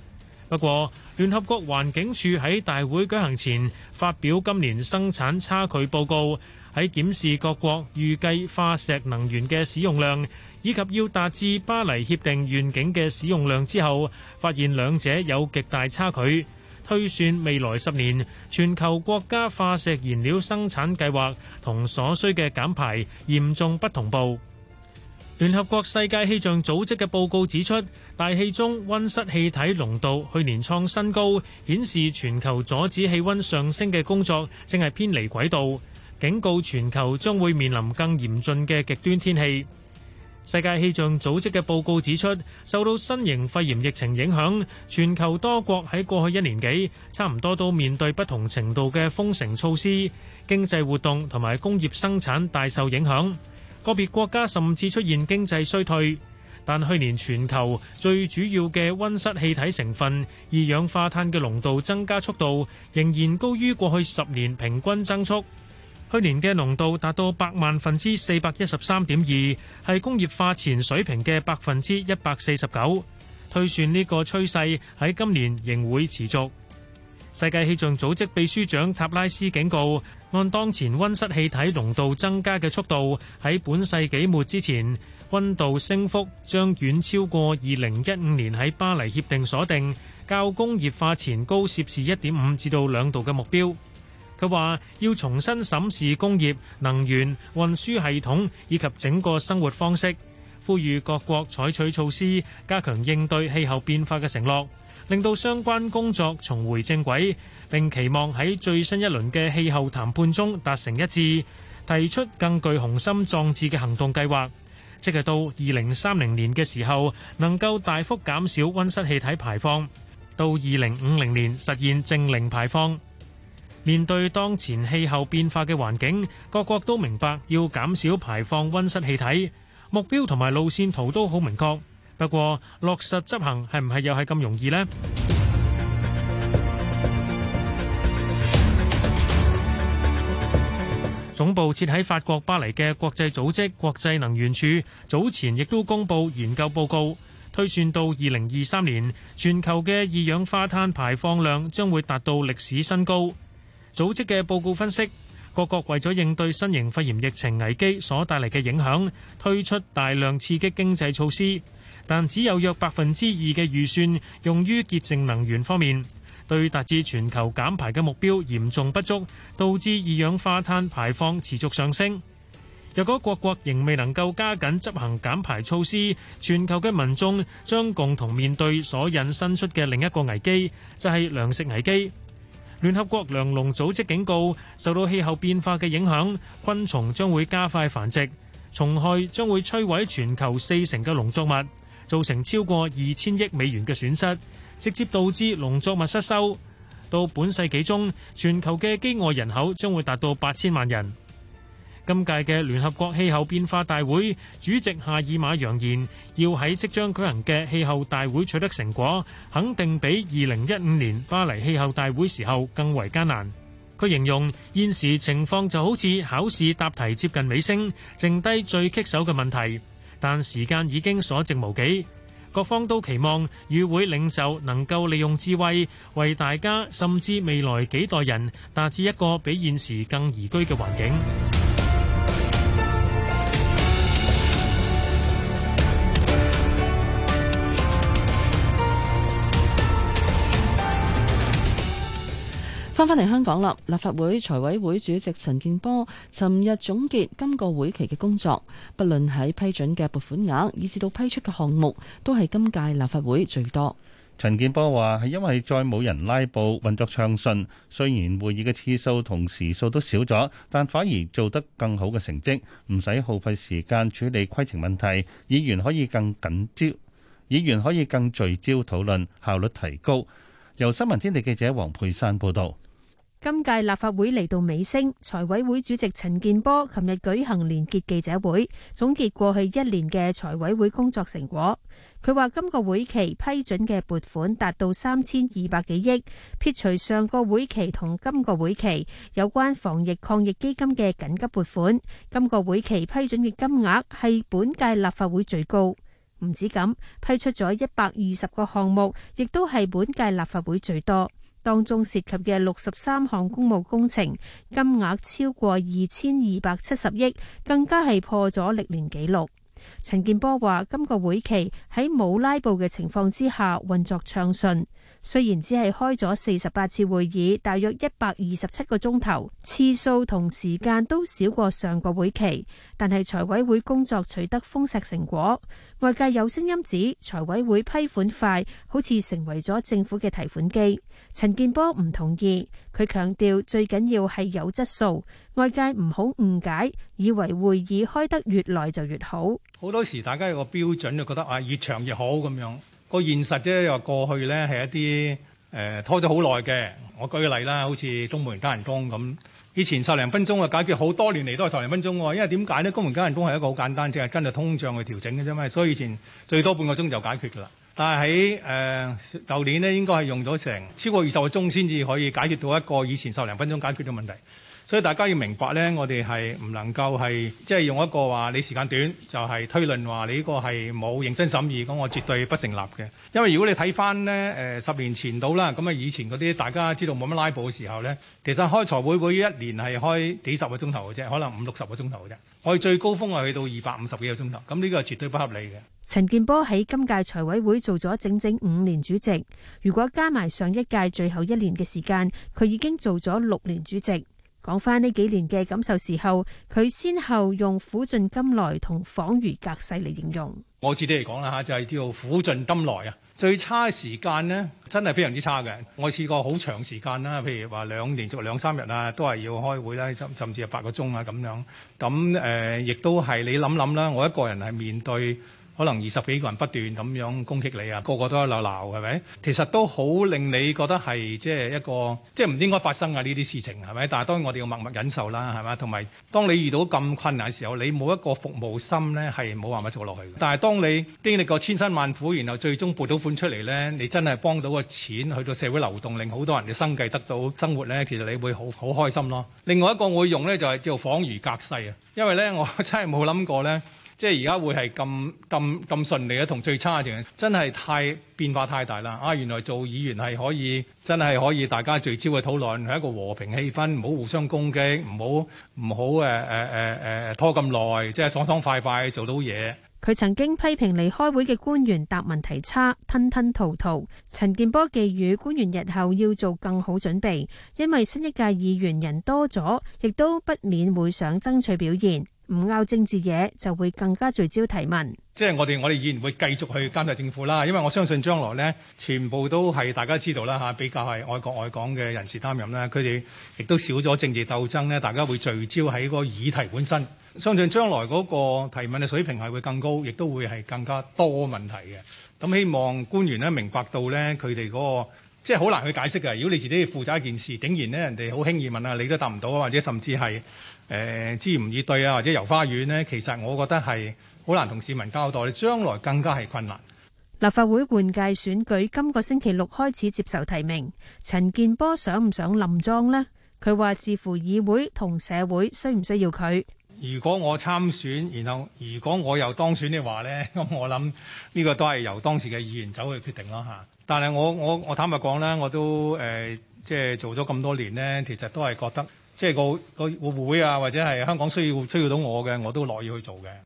不過，聯合國環境署喺大會舉行前發表今年生產差距報告，喺檢視各國預計化石能源嘅使用量，以及要達至巴黎協定願景嘅使用量之後，發現兩者有極大差距。推算未來十年全球國家化石燃料生產計劃同所需嘅減排嚴重不同步。聯合國世界氣象組織嘅報告指出，大氣中溫室氣體濃度去年創新高，顯示全球阻止氣溫上升嘅工作正係偏離軌道，警告全球將會面臨更嚴峻嘅極端天氣。世界氣象組織嘅報告指出，受到新型肺炎疫情影響，全球多國喺過去一年幾差唔多都面對不同程度嘅封城措施，經濟活動同埋工業生產大受影響。個別國家甚至出現經濟衰退，但去年全球最主要嘅溫室氣體成分二氧化碳嘅濃度增加速度仍然高於過去十年平均增速。去年嘅濃度達到百萬分之四百一十三點二，係工業化前水平嘅百分之一百四十九。推算呢個趨勢喺今年仍會持續。世界氣象組織秘書長塔拉斯警告。按當前温室氣體濃度增加嘅速度，喺本世紀末之前，溫度升幅將遠超過二零一五年喺巴黎協定鎖定較工業化前高攝氏一點五至到兩度嘅目標。佢話要重新審視工業、能源、運輸系統以及整個生活方式，呼籲各國採取措施，加強應對氣候變化嘅承諾，令到相關工作重回正軌。並期望喺最新一輪嘅氣候談判中達成一致，提出更具雄心壯志嘅行動計劃，即係到二零三零年嘅時候能夠大幅減少温室氣體排放，到二零五零年實現淨零排放。面對當前氣候變化嘅環境，各國都明白要減少排放温室氣體，目標同埋路線圖都好明確，不過落實執行係唔係又係咁容易呢？總部設喺法國巴黎嘅國際組織國際能源署早前亦都公布研究報告，推算到二零二三年全球嘅二氧化碳排放量將會達到歷史新高。組織嘅報告分析，各國為咗應對新型肺炎疫情危機所帶嚟嘅影響，推出大量刺激經濟措施，但只有約百分之二嘅預算用於潔淨能源方面。對達至全球減排嘅目標嚴重不足，導致二氧化碳排放持續上升。若果各國仍未能夠加緊執行減排措施，全球嘅民眾將共同面對所引申出嘅另一個危機，就係、是、糧食危機。聯合國糧農組織警告，受到氣候變化嘅影響，昆蟲將會加快繁殖，蟲害將會摧毀全球四成嘅農作物，造成超過二千億美元嘅損失。直接導致農作物失收。到本世紀中，全球嘅飢餓人口將會達到八千萬人。今屆嘅聯合國氣候變化大會主席夏爾馬揚言，要喺即將舉行嘅氣候大會取得成果，肯定比二零一五年巴黎氣候大會時候更為艱難。佢形容現時情況就好似考試答題接近尾聲，剩低最棘手嘅問題，但時間已經所剩無幾。各方都期望與會領袖能夠利用智慧，為大家，甚至未來幾代人，達至一個比現時更宜居嘅環境。翻返嚟香港啦，立法會財委會主席陳建波尋日總結今個會期嘅工作，不論喺批准嘅撥款額，以至到批出嘅項目，都係今屆立法會最多。陳建波話：係因為再冇人拉布，運作暢順。雖然會議嘅次數同時數都少咗，但反而做得更好嘅成績，唔使耗費時間處理規程問題，議員可以更緊焦，議員可以更聚焦討論，效率提高。由新聞天地記者黃佩珊報導。今屆立法會嚟到尾聲，財委會主席陳建波琴日舉行年結記者會，總結過去一年嘅財委會工作成果。佢話今個會期批准嘅撥款達到三千二百幾億，撇除上個會期同今個會期有關防疫抗疫基金嘅緊急撥款，今個會期批准嘅金額係本屆立法會最高。唔止咁，批出咗一百二十個項目，亦都係本屆立法會最多。當中涉及嘅六十三項公務工程，金額超過二千二百七十億，更加係破咗歷年紀錄。陳健波話：今個會期喺冇拉布嘅情況之下運作暢順。雖然只係開咗四十八次會議，大約一百二十七個鐘頭，次數同時間都少過上個會期，但係財委會工作取得豐碩成果。外界有聲音指財委會批款快，好似成為咗政府嘅提款機。陳健波唔同意，佢強調最緊要係有質素，外界唔好誤解，以為會議開得越耐就越好。好多時大家有個標準就覺得啊，越長越好咁樣。個現實啫，又過去咧係一啲誒、呃、拖咗好耐嘅。我舉例啦，好似公務員加人工咁，以前十零分鐘啊解決，好多年嚟都係十零分鐘。因為點解呢？公務員加人工係一個好簡單，即係跟住通脹去調整嘅啫嘛。所以以前最多半個鐘就解決噶啦。但係喺誒舊年呢，應該係用咗成超過二十個鐘先至可以解決到一個以前十零分鐘解決嘅問題。所以大家要明白咧，我哋係唔能夠，係即係用一個話你時間短就係、是、推論話，你呢個係冇認真審議，咁，我絕對不成立嘅。因為如果你睇翻呢，誒、呃、十年前到啦，咁啊以前嗰啲大家知道冇乜拉布嘅時候呢，其實開財委會，會一年係開幾十個鐘頭嘅啫，可能五六十個鐘頭啫。我哋最高峰係去到二百五十幾個鐘頭，咁呢個絕對不合理嘅。陳建波喺今屆財委會做咗整整五年主席，如果加埋上、上一屆最後一年嘅時間，佢已經做咗六年主席。講翻呢幾年嘅感受時候，佢先後用苦盡甘來同恍如隔世嚟形容。我自己嚟講啦吓，就係、是、叫做苦盡甘來啊。最差時間呢，真係非常之差嘅。我試過好長時間啦，譬如話兩連續兩三日啊，都係要開會啦，甚甚至係八個鐘啊咁樣。咁誒、呃，亦都係你諗諗啦，我一個人係面對。可能二十幾個人不斷咁樣攻擊你啊，個個都喺度鬧係咪？其實都好令你覺得係即係一個即係唔應該發生啊呢啲事情係咪？但係當然我哋要默默忍受啦，係嘛？同埋當你遇到咁困難嘅時候，你冇一個服務心呢，係冇辦法做落去。但係當你經歷過千辛萬苦，然後最終撥到款出嚟呢，你真係幫到個錢去到社會流動，令好多人嘅生計得到生活呢，其實你會好好開心咯。另外一個會用呢，就係叫做恍如隔世啊，因為呢，我真係冇諗過呢。即係而家會係咁咁咁順利啊，同最差嘅情況，真係太變化太大啦！啊，原來做議員係可以，真係可以大家聚焦嘅討論係一個和平氣氛，唔好互相攻擊，唔好唔好誒誒誒誒拖咁耐，即係爽爽快快做到嘢。佢曾經批評嚟開會嘅官員答問題差，吞吞吐吐。陳健波寄語官員日後要做更好準備，因為新一屆議員人多咗，亦都不免會想爭取表現。唔拗政治嘢，就會更加聚焦提問。即係我哋，我哋依然會繼續去監察政府啦。因為我相信將來呢，全部都係大家知道啦嚇，比較係愛國愛港嘅人士擔任啦。佢哋亦都少咗政治鬥爭呢，大家會聚焦喺嗰個議題本身。相信將來嗰個提問嘅水平係會更高，亦都會係更加多問題嘅。咁希望官員呢，明白到呢、那個，佢哋嗰個即係好難去解釋㗎。如果你自己要負責一件事，竟然呢，人哋好輕易問啊，你都答唔到，或者甚至係。誒，資源唔易對啊，或者遊花園呢？其實我覺得係好難同市民交代，你將來更加係困難。立法會換屆選舉今個星期六開始接受提名，陳健波想唔想冧莊呢？佢話視乎議會同社會需唔需要佢。如果我參選，然後如果我又當選的話呢，咁我諗呢個都係由當時嘅議員走去決定咯嚇。但係我我我坦白講呢，我都誒即係做咗咁多年呢，其實都係覺得。即係個個會唔會啊，或者係香港需要會唔會需要到我嘅，我都樂意去做嘅。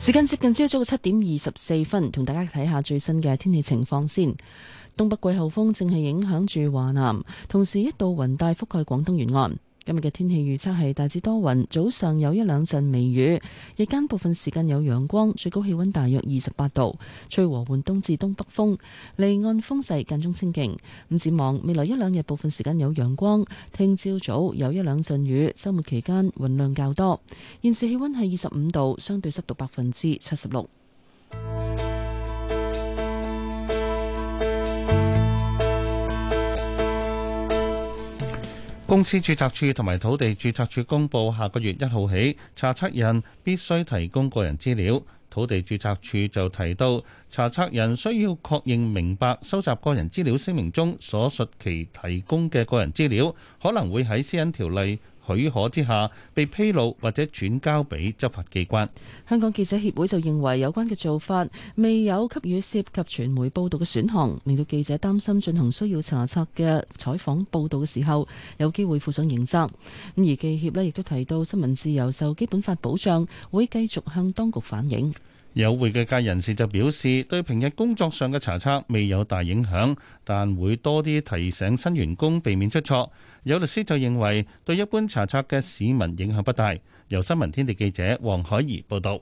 時間接近朝早七點二十四分，同大家睇下最新嘅天氣情況先。東北季候風正係影響住華南，同時一道雲帶覆蓋廣東沿岸。今日嘅天氣預測係大致多雲，早上有一兩陣微雨，日間部分時間有陽光，最高氣溫大約二十八度，吹和緩東至東北風，離岸風勢間中清勁。咁展望未來一兩日部分時間有陽光，聽朝早有一兩陣雨，周末期間雲量較多。現時氣溫係二十五度，相對濕度百分之七十六。公司註冊處同埋土地註冊處公佈，下個月一號起，查冊人必須提供個人資料。土地註冊處就提到，查冊人需要確認明白收集個人資料聲明中所述其提供嘅個人資料可能會喺《私隱條例》許可之下被披露或者轉交俾執法機關。香港記者協會就認為有關嘅做法未有給予涉及傳媒報導嘅選項，令到記者擔心進行需要查冊嘅採訪報導嘅時候有機會負上刑責。咁而記協呢亦都提到新聞自由受基本法保障，會繼續向當局反映。有會計界人士就表示，對平日工作上嘅查冊未有大影響，但會多啲提醒新員工避免出錯。有律師就認為，對一般查冊嘅市民影響不大。由新聞天地記者黃海怡報道。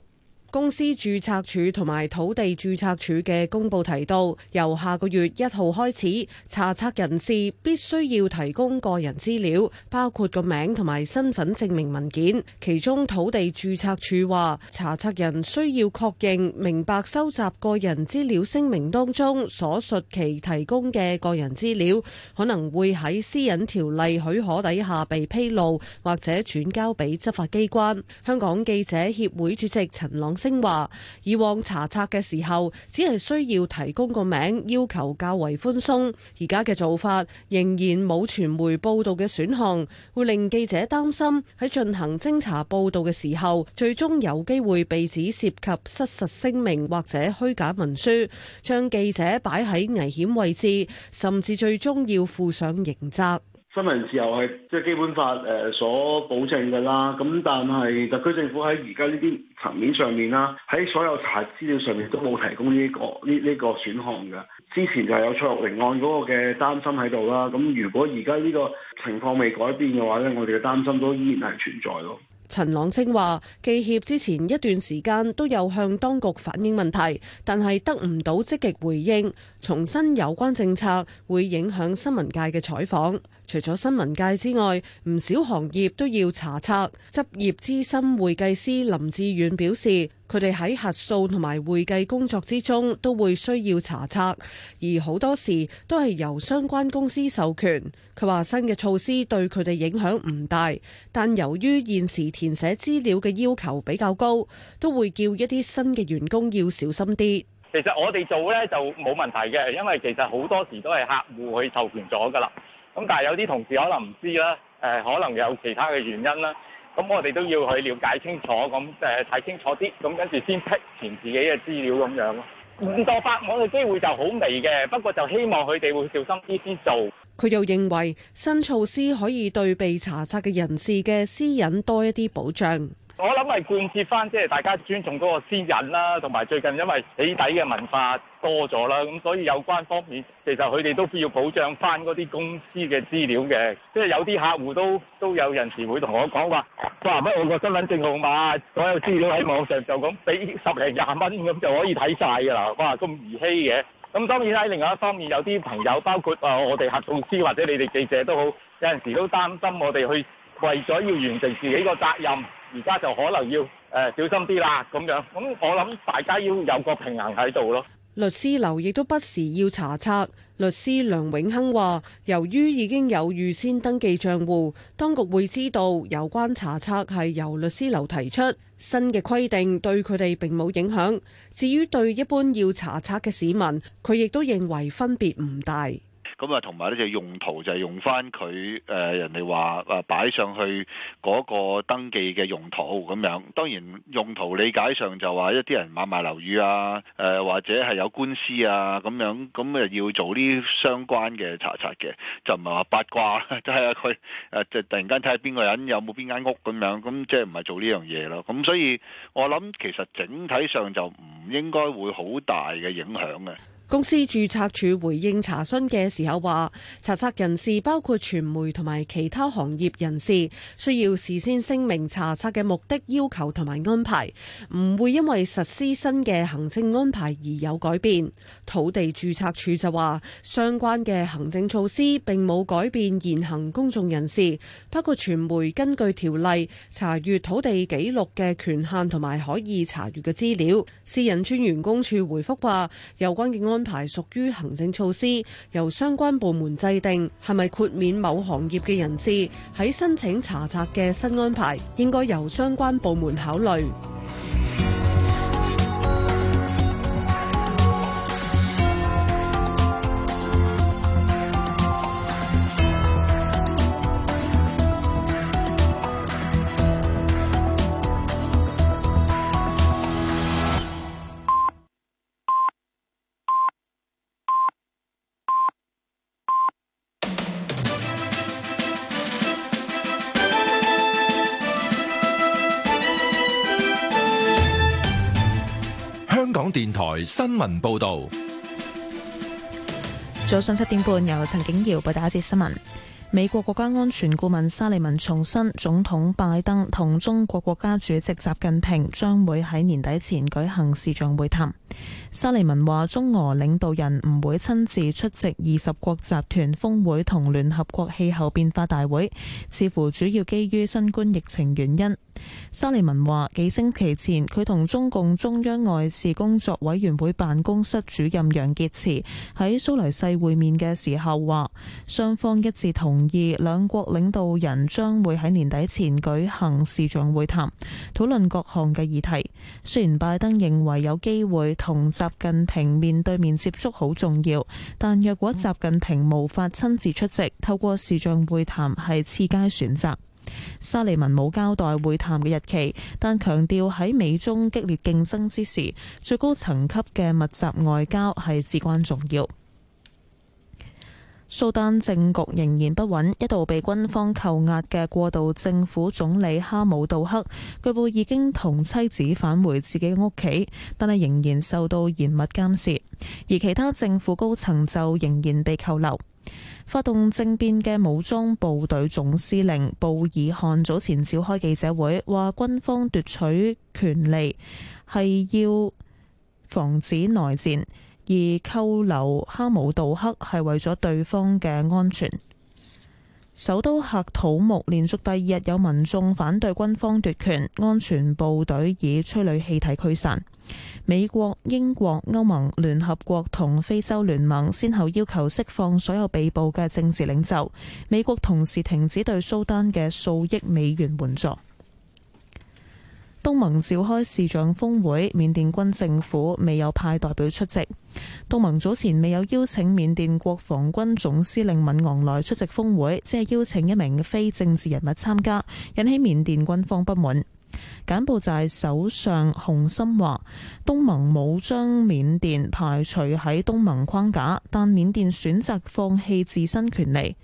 公司註冊處同埋土地註冊處嘅公布提到，由下個月一號開始，查冊人士必須要提供個人資料，包括個名同埋身份證明文件。其中土地註冊處話查冊人需要確認明白收集個人資料聲明當中所述，其提供嘅個人資料可能會喺私隱條例許可底下被披露或者轉交俾執法機關。香港記者協會主席陳朗稱話以往查冊嘅時候，只係需要提供個名，要求較為寬鬆。而家嘅做法仍然冇傳媒報道嘅選項，會令記者擔心喺進行偵查報道嘅時候，最終有機會被指涉及失實聲明或者虛假文書，將記者擺喺危險位置，甚至最終要負上刑責。新聞自由係即係基本法誒所保證嘅啦，咁但係特區政府喺而家呢啲層面上面啦，喺所有查資料上面都冇提供呢個呢呢個選項嘅。之前就係有蔡玉玲案嗰個嘅擔心喺度啦，咁如果而家呢個情況未改變嘅話咧，我哋嘅擔心都依然係存在咯。陳朗昇話：記協之前一段時間都有向當局反映問題，但係得唔到積極回應。重申有關政策會影響新聞界嘅採訪。除咗新聞界之外，唔少行業都要查冊。執業資深會計師林志遠表示。佢哋喺核數同埋會計工作之中都會需要查冊，而好多時都係由相關公司授權，佢話新嘅措施對佢哋影響唔大，但由於現時填寫資料嘅要求比較高，都會叫一啲新嘅員工要小心啲。其實我哋做呢就冇問題嘅，因為其實好多時都係客戶去授權咗噶啦。咁但係有啲同事可能唔知啦，誒可能有其他嘅原因啦。咁我哋都要去了解清楚，咁誒睇清楚啲，咁跟住先辟前自己嘅資料咁樣咯。唔多法，我嘅機會就好微嘅，不過就希望佢哋會小心啲先做。佢又認為新措施可以對被查冊嘅人士嘅私隱多一啲保障。我諗係貫徹翻，即係大家尊重嗰個私隱啦，同埋最近因為起底嘅文化多咗啦，咁所以有關方面其實佢哋都需要保障翻嗰啲公司嘅資料嘅，即係有啲客戶都都有陣時會同我講話：哇！乜我個身份證號碼所有資料喺網上就咁俾十零廿蚊咁就可以睇晒㗎啦！哇，咁兒戲嘅。咁當然喺另外一方面，有啲朋友，包括啊我哋核數師或者你哋記者都好，有陣時都擔心我哋去為咗要完成自己個責任。而家就可能要誒小心啲啦，咁樣，咁我諗大家要有個平衡喺度咯。律師樓亦都不時要查冊，律師梁永亨話，由於已經有預先登記賬戶，當局會知道有關查冊係由律師樓提出。新嘅規定對佢哋並冇影響。至於對一般要查冊嘅市民，佢亦都認為分別唔大。咁啊，同埋呢就用途就係用翻佢誒，人哋話啊，擺上去嗰個登記嘅用途咁樣。當然用途理解上就話一啲人買賣樓宇啊，誒、呃、或者係有官司啊咁樣，咁誒要做啲相關嘅查冊嘅，就唔係話八卦 但、啊，就係佢誒即係突然間睇下邊個人有冇邊間屋咁樣，咁即係唔係做呢樣嘢咯？咁所以我諗其實整體上就唔應該會好大嘅影響嘅。公司注冊處回應查詢嘅時候話，查冊人士包括傳媒同埋其他行業人士，需要事先聲明查冊嘅目的、要求同埋安排，唔會因為實施新嘅行政安排而有改變。土地注冊處就話，相關嘅行政措施並冇改變現行公眾人士，包括傳媒根據條例查閱土地記錄嘅權限同埋可以查閱嘅資料。私隱專員公署回覆話有關嘅安安排屬於行政措施，由相關部門制定，係咪豁免某行業嘅人士喺申請查冊嘅新安排，應該由相關部門考慮。電台新聞報道：早上七點半，由陳景堯報道一節新聞。美國國家安全顧問沙利文重申，總統拜登同中國國家主席習近平將會喺年底前舉行視像會談。沙利文話中俄領導人唔會親自出席二十國集團峰會同聯合國氣候變化大會，似乎主要基於新冠疫情原因。沙利文話幾星期前，佢同中共中央外事工作委員會辦公室主任楊潔篪喺蘇黎世會面嘅時候話，雙方一致同意兩國領導人將會喺年底前舉行視像會談，討論各項嘅議題。雖然拜登認為有機會。同習近平面對面接觸好重要，但若果習近平無法親自出席，透過視像會談係次佳選擇。沙利文冇交代會談嘅日期，但強調喺美中激烈競爭之時，最高層級嘅密集外交係至關重要。蘇丹政局仍然不穩，一度被軍方扣押嘅過渡政府總理哈姆杜克，據報已經同妻子返回自己屋企，但係仍然受到嚴密監視。而其他政府高層就仍然被扣留。發動政變嘅武裝部隊總司令布爾漢早前召開記者會，話軍方奪取權力係要防止內戰。而扣留哈姆杜克係為咗對方嘅安全。首都喀土穆連續第二日有民眾反對軍方奪權，安全部隊以催淚氣體驅散。美國、英國、歐盟、聯合國同非洲聯盟先後要求釋放所有被捕嘅政治領袖。美國同時停止對蘇丹嘅數億美元援助。東盟召開視像峰會，緬甸軍政府未有派代表出席。東盟早前未有邀請緬甸國防軍總司令敏昂萊出席峰會，即係邀請一名非政治人物參加，引起緬甸軍方不滿。柬埔寨首相洪森話：東盟冇將緬甸排除喺東盟框架，但緬甸選擇放棄自身權利，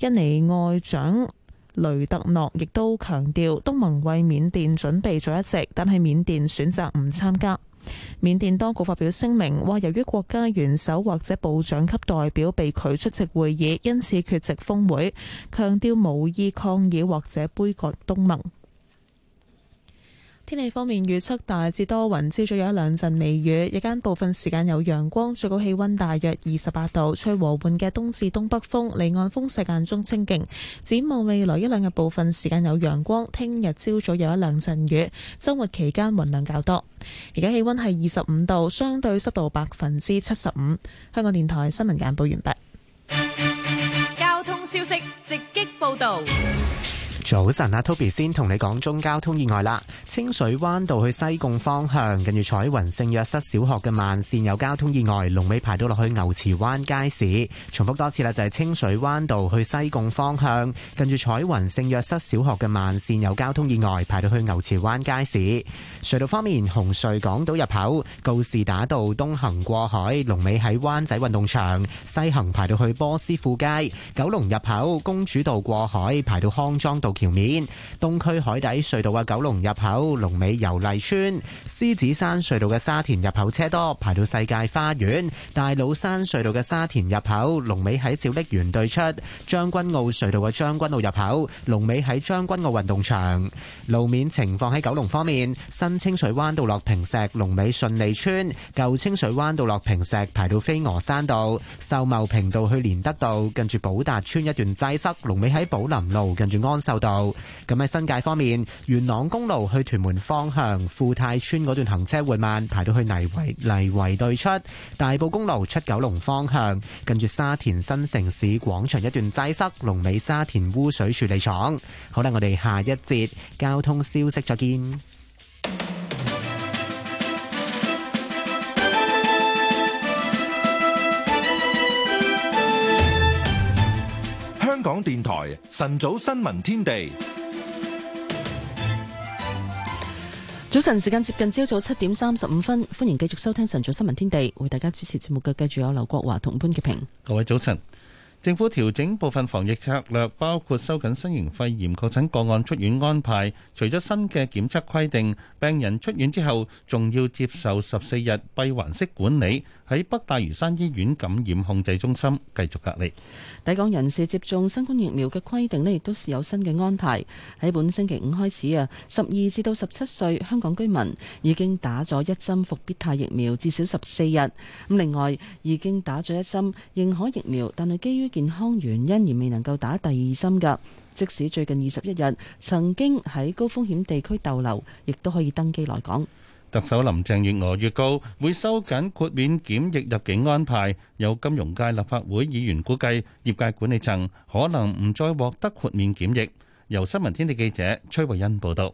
印尼外長，雷特諾亦都強調，東盟為緬甸準備咗一席，但係緬甸選擇唔參加。緬甸當局發表聲明話，由於國家元首或者部長級代表被拒出席會議，因此缺席峰會，強調無意抗議或者杯葛東盟。天氣方面預測大致多雲，朝早有一兩陣微雨，日間部分時間有陽光，最高氣溫大約二十八度，吹和緩嘅東至東北風，離岸風勢間中清勁。展望未來一兩日部分時間有陽光，聽日朝早有一兩陣雨，周末期間雲量較多。而家氣溫係二十五度，相對濕度百分之七十五。香港電台新聞簡報完畢。交通消息，直擊報道。早晨啊，Toby 先同你講中交通意外啦。清水灣道去西貢方向，跟住彩雲聖約瑟小學嘅慢線有交通意外，龍尾排到落去牛池灣街市。重複多次啦，就係、是、清水灣道去西貢方向，跟住彩雲聖約瑟小學嘅慢線有交通意外，排到去牛池灣街市。隧道方面，紅隧港島入口告士打道東行過海，龍尾喺灣仔運動場；西行排到去波斯富街。九龍入口公主道過海，排到康莊道。橋面東區海底隧道嘅九龍入口，龍尾油麗村；獅子山隧道嘅沙田入口車多，排到世界花園；大老山隧道嘅沙田入口，龍尾喺小瀝源對出；將軍澳隧道嘅將軍澳入口，龍尾喺將軍澳運動場。路面情況喺九龍方面，新清水灣道落坪石，龍尾順利村；舊清水灣道落坪石，排到飛鵝山道；秀茂坪道去連德道，近住寶達村一段擠塞，龍尾喺寶林路近住安秀。道，咁喺新界方面，元朗公路去屯門方向富泰村嗰段行車緩慢，排到去泥圍泥圍對出；大埔公路出九龍方向，近住沙田新城市廣場一段擠塞，龍尾沙田污水處理廠。好啦，我哋下一節交通消息再見。電台晨早新聞天地，早晨時間接近朝早七點三十五分，歡迎繼續收聽晨早新聞天地，為大家主持節目嘅繼續有劉國華同潘潔平。各位早晨，政府調整部分防疫策略，包括收緊新型肺炎確診個案出院安排，除咗新嘅檢測規定，病人出院之後仲要接受十四日閉環式管理。喺北大嶼山醫院感染控制中心繼續隔離。抵港人士接種新冠疫苗嘅規定呢，亦都是有新嘅安排。喺本星期五開始啊，十二至到十七歲香港居民已經打咗一針復必泰疫苗至少十四日。咁另外，已經打咗一針認可疫苗，但係基於健康原因而未能夠打第二針嘅，即使最近二十一日曾經喺高風險地區逗留，亦都可以登機來港。特首林鄭月娥預告會收緊豁免檢疫入境安排，有金融界立法會議員估計，業界管理層可能唔再獲得豁免檢疫。由新聞天地記者崔慧欣報道。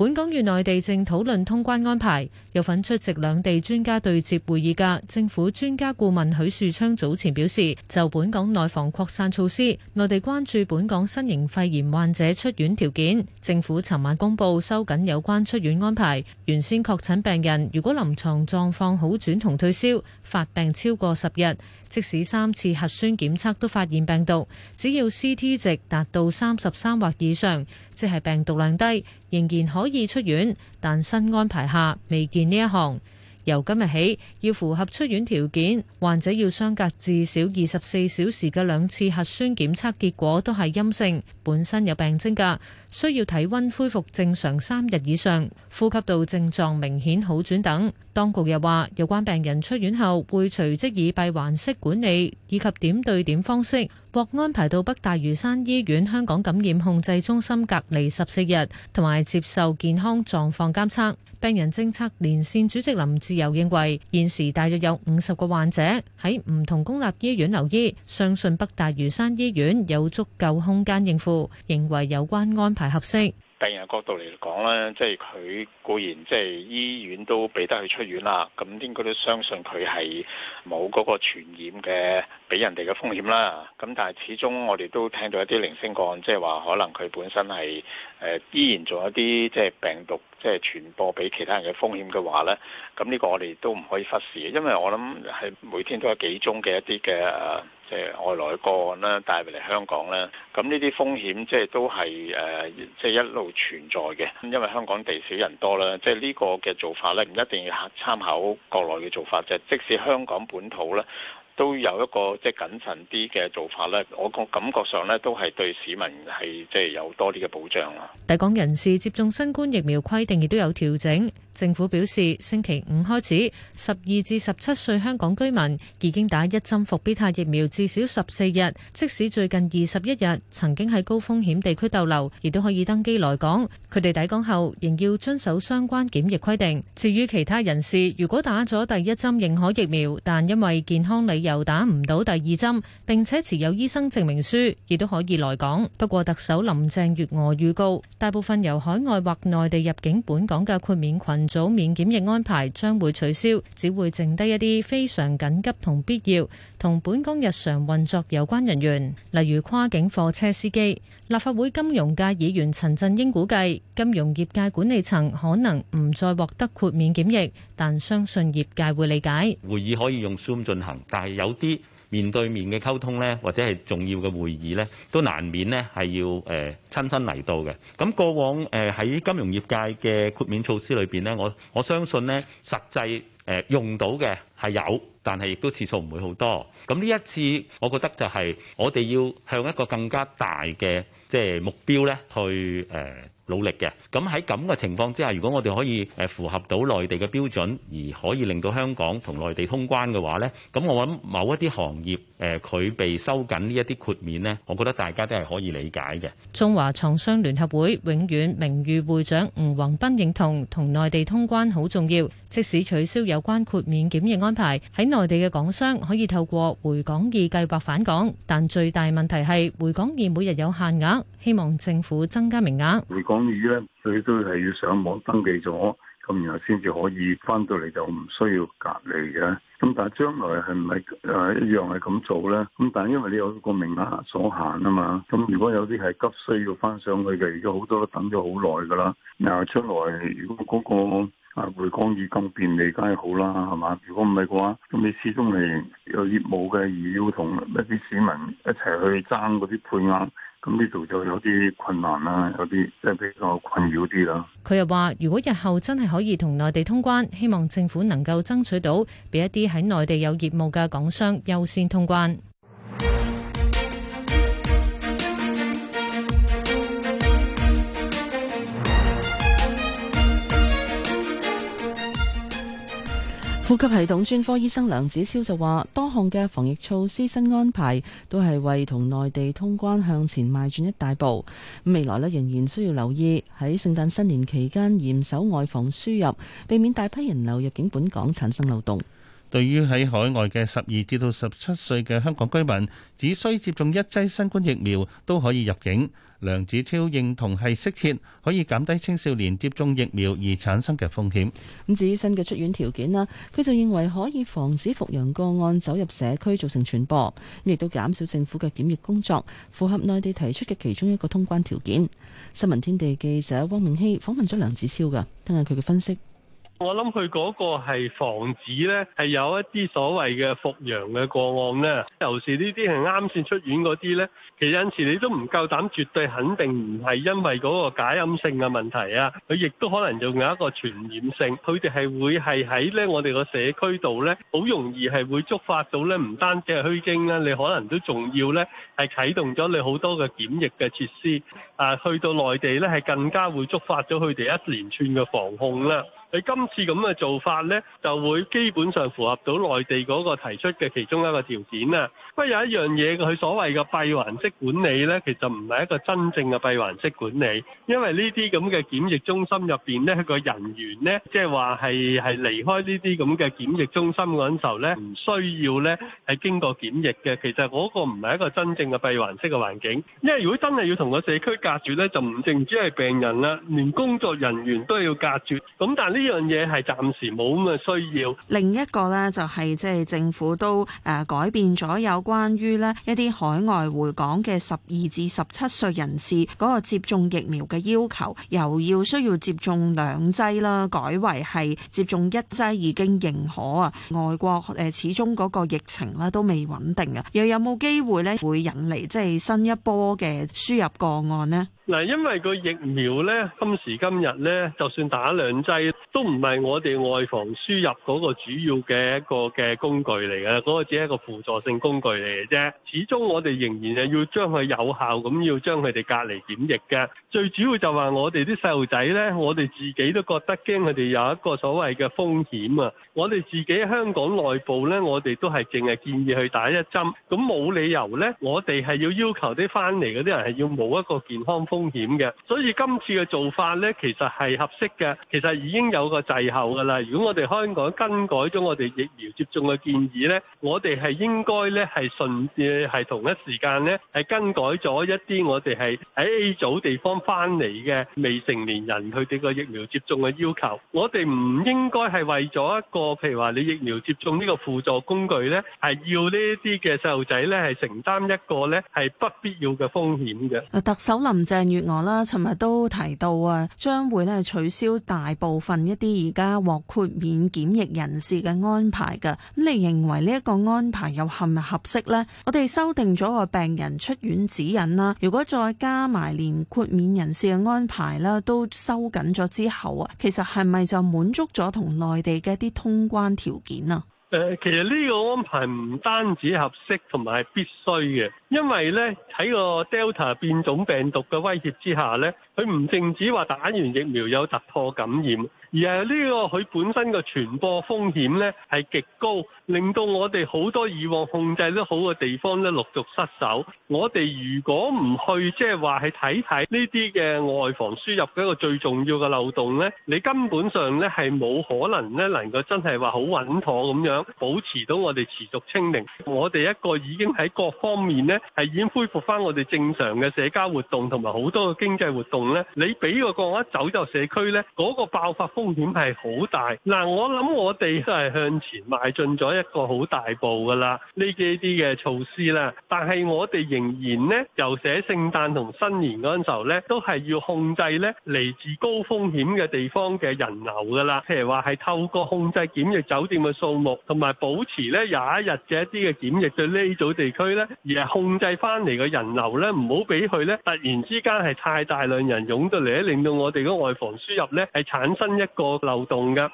本港與內地正討論通關安排，有份出席兩地專家對接會議嘅政府專家顧問許樹昌早前表示，就本港內防擴散措施，內地關注本港新型肺炎患者出院條件。政府尋晚公布收緊有關出院安排，原先確診病人如果臨床狀況好轉同退燒，發病超過十日，即使三次核酸檢測都發現病毒，只要 CT 值達到三十三或以上，即係病毒量低，仍然可以出院，但新安排下未見呢一項。由今日起，要符合出院條件，患者要相隔至少二十四小時嘅兩次核酸檢測結果都係陰性，本身有病徵㗎。需要體溫恢復正常三日以上，呼吸道症狀明顯好轉等。當局又話，有關病人出院後會隨即以閉環式管理以及點對點方式，獲安排到北大嶼山醫院香港感染控制中心隔離十四日，同埋接受健康狀況監測。病人政策連線主席林志柔認為現時大約有五十個患者喺唔同公立醫院留醫，相信北大嶼山醫院有足夠空間應付，認為有關安排係合適。第二個角度嚟講咧，即係佢固然即係醫院都俾得佢出院啦，咁應該都相信佢係冇嗰個傳染嘅俾人哋嘅風險啦。咁但係始終我哋都聽到一啲零星個案，即係話可能佢本身係誒、呃、依然仲有啲即係病毒即係傳播俾其他人嘅風險嘅話咧，咁呢個我哋都唔可以忽視，因為我諗係每天都有幾宗嘅一啲嘅。即係外來個案啦、啊，帶嚟香港咧，咁呢啲風險即係都係誒，即、呃、係、就係、一路存在嘅。因為香港地少人多啦，即係呢個嘅做法咧，唔一定要參考國內嘅做法啫。就係、即使香港本土咧。都有一個即係謹慎啲嘅做法呢，我覺感覺上呢，都係對市民係即係有多啲嘅保障啦。抵港人士接種新冠疫苗規定亦都有調整，政府表示星期五開始，十二至十七歲香港居民已經打一針復必泰疫苗至少十四日，即使最近二十一日曾經喺高風險地區逗留，亦都可以登機來港。佢哋抵港後仍要遵守相關檢疫規定。至於其他人士，如果打咗第一針認可疫苗，但因為健康理由打唔到第二針，並且持有醫生證明書，亦都可以來港。不過，特首林鄭月娥預告，大部分由海外或內地入境本港嘅豁免群組免檢疫安排將會取消，只會剩低一啲非常緊急同必要。同本港日常運作有關人員，例如跨境貨車司機，立法會金融界議員陳振英估計，金融業界管理層可能唔再獲得豁免檢疫，但相信業界會理解。會議可以用 Zoom 進行，但係有啲面對面嘅溝通呢，或者係重要嘅會議呢，都難免呢係要誒親身嚟到嘅。咁過往誒喺金融業界嘅豁免措施裏邊呢，我我相信呢實際誒用到嘅係有。但係亦都次數唔會好多，咁呢一次我覺得就係我哋要向一個更加大嘅即係目標咧去誒努力嘅。咁喺咁嘅情況之下，如果我哋可以誒符合到內地嘅標準，而可以令到香港同內地通關嘅話咧，咁我諗某一啲行業。誒佢被收緊呢一啲豁免呢，我覺得大家都係可以理解嘅。中華廠商聯合會永遠名譽會長吳宏斌認同同內地通關好重要，即使取消有關豁免檢疫安排，喺內地嘅港商可以透過回港易計劃返港，但最大問題係回港易每日有限額，希望政府增加名額。回港易呢，佢都係要上網登記咗。咁然後先至可以翻到嚟就唔需要隔離嘅，咁但係將來係唔係誒一樣係咁做咧？咁但係因為你有個名額所限啊嘛，咁如果有啲係急需要翻上去嘅，而家好多都等咗好耐㗎啦。然後將來如果嗰個啊回港易咁便利，梗係好啦，係嘛？如果唔係嘅話，咁你始終係有業務嘅，而要同一啲市民一齊去爭嗰啲配額。咁呢度就有啲困難啦，有啲即係比較困擾啲啦。佢又話：如果日後真係可以同內地通關，希望政府能夠爭取到俾一啲喺內地有業務嘅港商優先通關。呼吸系統專科醫生梁子超就話：多項嘅防疫措施新安排都係為同內地通關向前邁進一大步。未來呢仍然需要留意喺聖誕新年期間嚴守外防輸入，避免大批人流入境本港產生漏洞。對於喺海外嘅十二至到十七歲嘅香港居民，只需接種一劑新冠疫苗都可以入境。梁子超認同係適切，可以減低青少年接種疫苗，而產生嘅風險。咁至於新嘅出院條件啦，佢就認為可以防止復陽個案走入社區造成傳播，亦都減少政府嘅檢疫工作，符合內地提出嘅其中一個通關條件。新聞天地記者汪明熙訪問咗梁子超㗎，聽下佢嘅分析。我諗佢嗰個係防止呢，係有一啲所謂嘅復陽嘅個案呢。尤其是呢啲係啱先出院嗰啲呢，其實有時你都唔夠膽絕對肯定唔係因為嗰個假陰性嘅問題啊。佢亦都可能仲有一個傳染性，佢哋係會係喺呢我哋個社區度呢。好容易係會觸發到呢，唔單止係虛驚啦，你可能都仲要呢，係啟動咗你好多嘅檢疫嘅設施。啊，去到內地呢，係更加會觸發咗佢哋一連串嘅防控啦。佢今次咁嘅做法呢，就會基本上符合到內地嗰個提出嘅其中一個條件啦。不過有一樣嘢，佢所謂嘅閉環式管理呢，其實唔係一個真正嘅閉環式管理，因為呢啲咁嘅檢疫中心入邊呢，佢個人員呢，即係話係係離開呢啲咁嘅檢疫中心嗰陣時候呢，唔需要呢係經過檢疫嘅。其實嗰個唔係一個真正嘅閉環式嘅環境，因為如果真係要同個社區隔絕呢，就唔淨止係病人啦，連工作人員都要隔絕。咁但係呢，呢樣嘢係暫時冇咁嘅需要。另一個咧就係即係政府都誒改變咗有關於咧一啲海外回港嘅十二至十七歲人士嗰個接種疫苗嘅要求，又要需要接種兩劑啦，改為係接種一劑已經認可啊！外國誒始終嗰個疫情咧都未穩定啊，又有冇機會咧會引嚟即係新一波嘅輸入個案呢？嗱，因為個疫苗咧，今時今日咧，就算打兩劑都唔係我哋外防輸入嗰個主要嘅一個嘅工具嚟嘅，嗰個只係一個輔助性工具嚟嘅啫。始終我哋仍然係要將佢有效咁，要將佢哋隔離檢疫嘅。最主要就話我哋啲細路仔咧，我哋自己都覺得驚佢哋有一個所謂嘅風險啊！我哋自己香港內部咧，我哋都係淨係建議去打一針，咁冇理由咧，我哋係要要求啲翻嚟嗰啲人係要冇一個健康風。風險嘅，所以今次嘅做法咧，其實係合適嘅。其實已經有個滯後噶啦。如果我哋香港更改咗我哋疫苗接種嘅建議咧，我哋係應該咧係順嘅係同一時間咧係更改咗一啲我哋係喺 A 組地方翻嚟嘅未成年人佢哋個疫苗接種嘅要求。我哋唔應該係為咗一個，譬如話你疫苗接種呢個輔助工具咧，係要呢啲嘅細路仔咧係承擔一個咧係不必要嘅風險嘅。特首林鄭。鄭月娥啦，尋日都提到啊，將會咧取消大部分一啲而家獲豁免檢疫人士嘅安排噶，咁你認為呢一個安排又合唔合適咧？我哋修訂咗個病人出院指引啦，如果再加埋連豁免人士嘅安排啦，都收緊咗之後啊，其實係咪就滿足咗同內地嘅一啲通關條件啊？誒，其實呢個安排唔單止合適，同埋必須嘅，因為咧喺個 Delta 變種病毒嘅威脅之下咧，佢唔淨止話打完疫苗有突破感染。而係呢個佢本身嘅傳播風險呢係極高，令到我哋好多以往控制得好嘅地方呢陸續失守。我哋如果唔去即係話係睇睇呢啲嘅外防輸入嘅個最重要嘅漏洞呢，你根本上呢係冇可能呢能夠真係話好穩妥咁樣保持到我哋持續清零。我哋一個已經喺各方面呢係已經恢復返我哋正常嘅社交活動同埋好多嘅經濟活動呢，你俾個個一走就社區呢嗰個爆發風險係好大嗱，我諗我哋都係向前邁進咗一個好大步噶啦，呢幾啲嘅措施啦。但係我哋仍然咧，由寫聖誕同新年嗰陣時候咧，都係要控制咧嚟自高風險嘅地方嘅人流噶啦。譬如話，係透過控制檢疫酒店嘅數目，同埋保持咧廿一日嘅一啲嘅檢疫，對呢組地區咧，而係控制翻嚟嘅人流咧，唔好俾佢咧突然之間係太大量人湧到嚟，咧令到我哋個外防輸入咧係產生一個漏洞噶。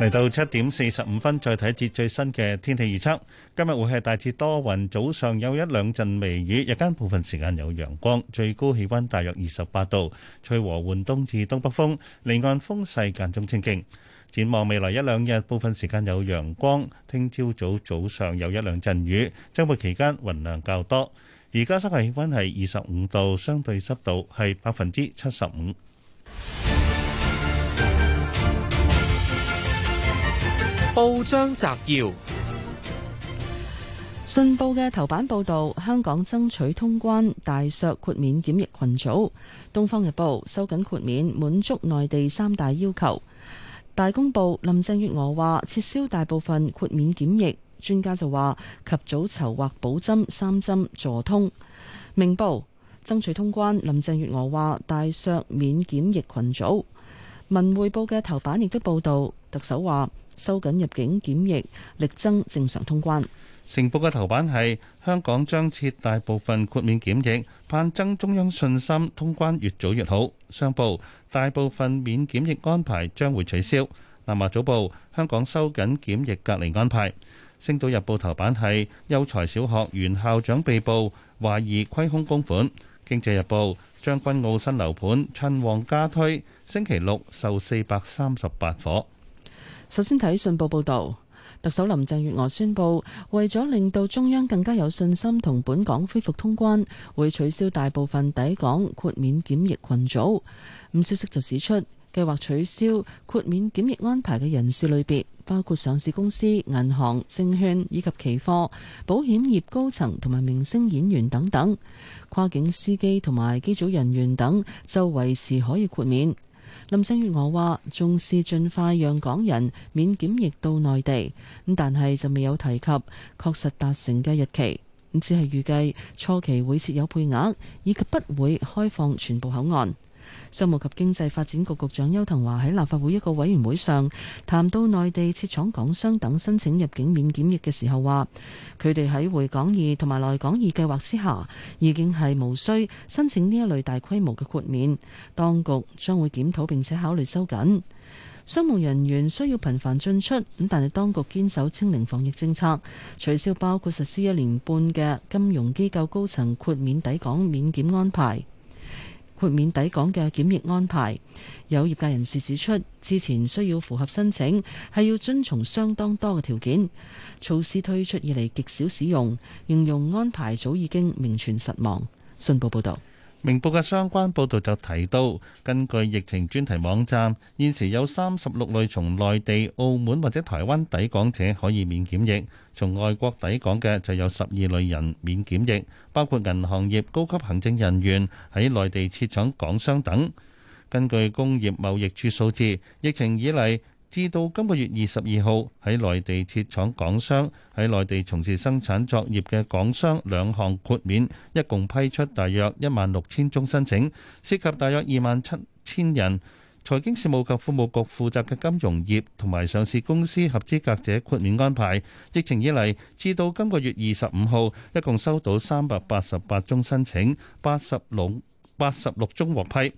嚟到七點四十五分，再睇節最新嘅天氣預測。今日會係大致多雲，早上有一兩陣微雨，日間部分時間有陽光，最高氣溫大約二十八度，吹和緩東至東北風，離岸風勢間中清勁。展望未來一兩日，部分時間有陽光。聽朝早早上有一兩陣雨，週末期間雲量較多。而家室外氣溫係二十五度，相對濕度係百分之七十五。報章摘要：信報嘅頭版報導，香港爭取通關，大削豁免檢疫群組；《東方日報》收緊豁免，滿足內地三大要求。大公報，林鄭月娥話撤銷大部分豁免檢疫，專家就話及早籌劃保針三針助通。明報，爭取通關，林鄭月娥話大削免檢疫群組。文匯報嘅頭版亦都報道，特首話收緊入境檢疫，力爭正常通關。成報嘅頭版係香港將撤大部分豁免檢疫，盼增中央信心，通關越早越好。商報大部分免檢疫安排將會取消。南華早報香港收緊檢疫隔離安排。星島日報頭版係優才小學原校長被捕，懷疑虧空公款。經濟日報將軍澳新樓盤趁旺加推，星期六售四百三十八伙。首先睇信報報道。特首林鄭月娥宣布，為咗令到中央更加有信心同本港恢復通關，會取消大部分抵港豁免檢疫群組。咁消息就指出，計劃取消豁免檢疫安排嘅人士類別包括上市公司、銀行、證券以及期貨、保險業高層同埋明星演員等等。跨境司機同埋機組人員等就維持可以豁免。林鄭月娥話，重視盡快讓港人免檢疫到內地，咁但係就未有提及確實達成嘅日期，咁只係預計初期會設有配額，以及不會開放全部口岸。商務及經濟發展局局長邱騰華喺立法會一個委員會上談到內地設廠港商等申請入境免檢疫嘅時候，話佢哋喺回港易同埋來港易計劃之下，已經係無需申請呢一類大規模嘅豁免，當局將會檢討並且考慮收緊。商務人員需要頻繁進出，咁但係當局堅守清零防疫政策，取消包括實施一年半嘅金融機構高層豁免抵港免檢安排。豁免抵港嘅檢疫安排，有業界人士指出，之前需要符合申請，係要遵從相當多嘅條件。措施推出以嚟，極少使用，形容安排早已經名存實亡。信報報道。明報嘅相關報導就提到，根據疫情專題網站，現時有三十六類從內地、澳門或者台灣抵港者可以免檢疫，從外國抵港嘅就有十二類人免檢疫，包括銀行業高級行政人員喺內地設廠、港商等。根據工業貿易署數字，疫情以嚟至到今個月二十二號，喺內地設廠港商喺內地從事生產作業嘅港商兩項豁免，一共批出大約一萬六千宗申請，涉及大約二萬七千人。財經事務及服務局負責嘅金融業同埋上市公司合資格者豁免安排。疫情以嚟至到今個月二十五號，一共收到三百八十八宗申請，八十六八十六宗獲批。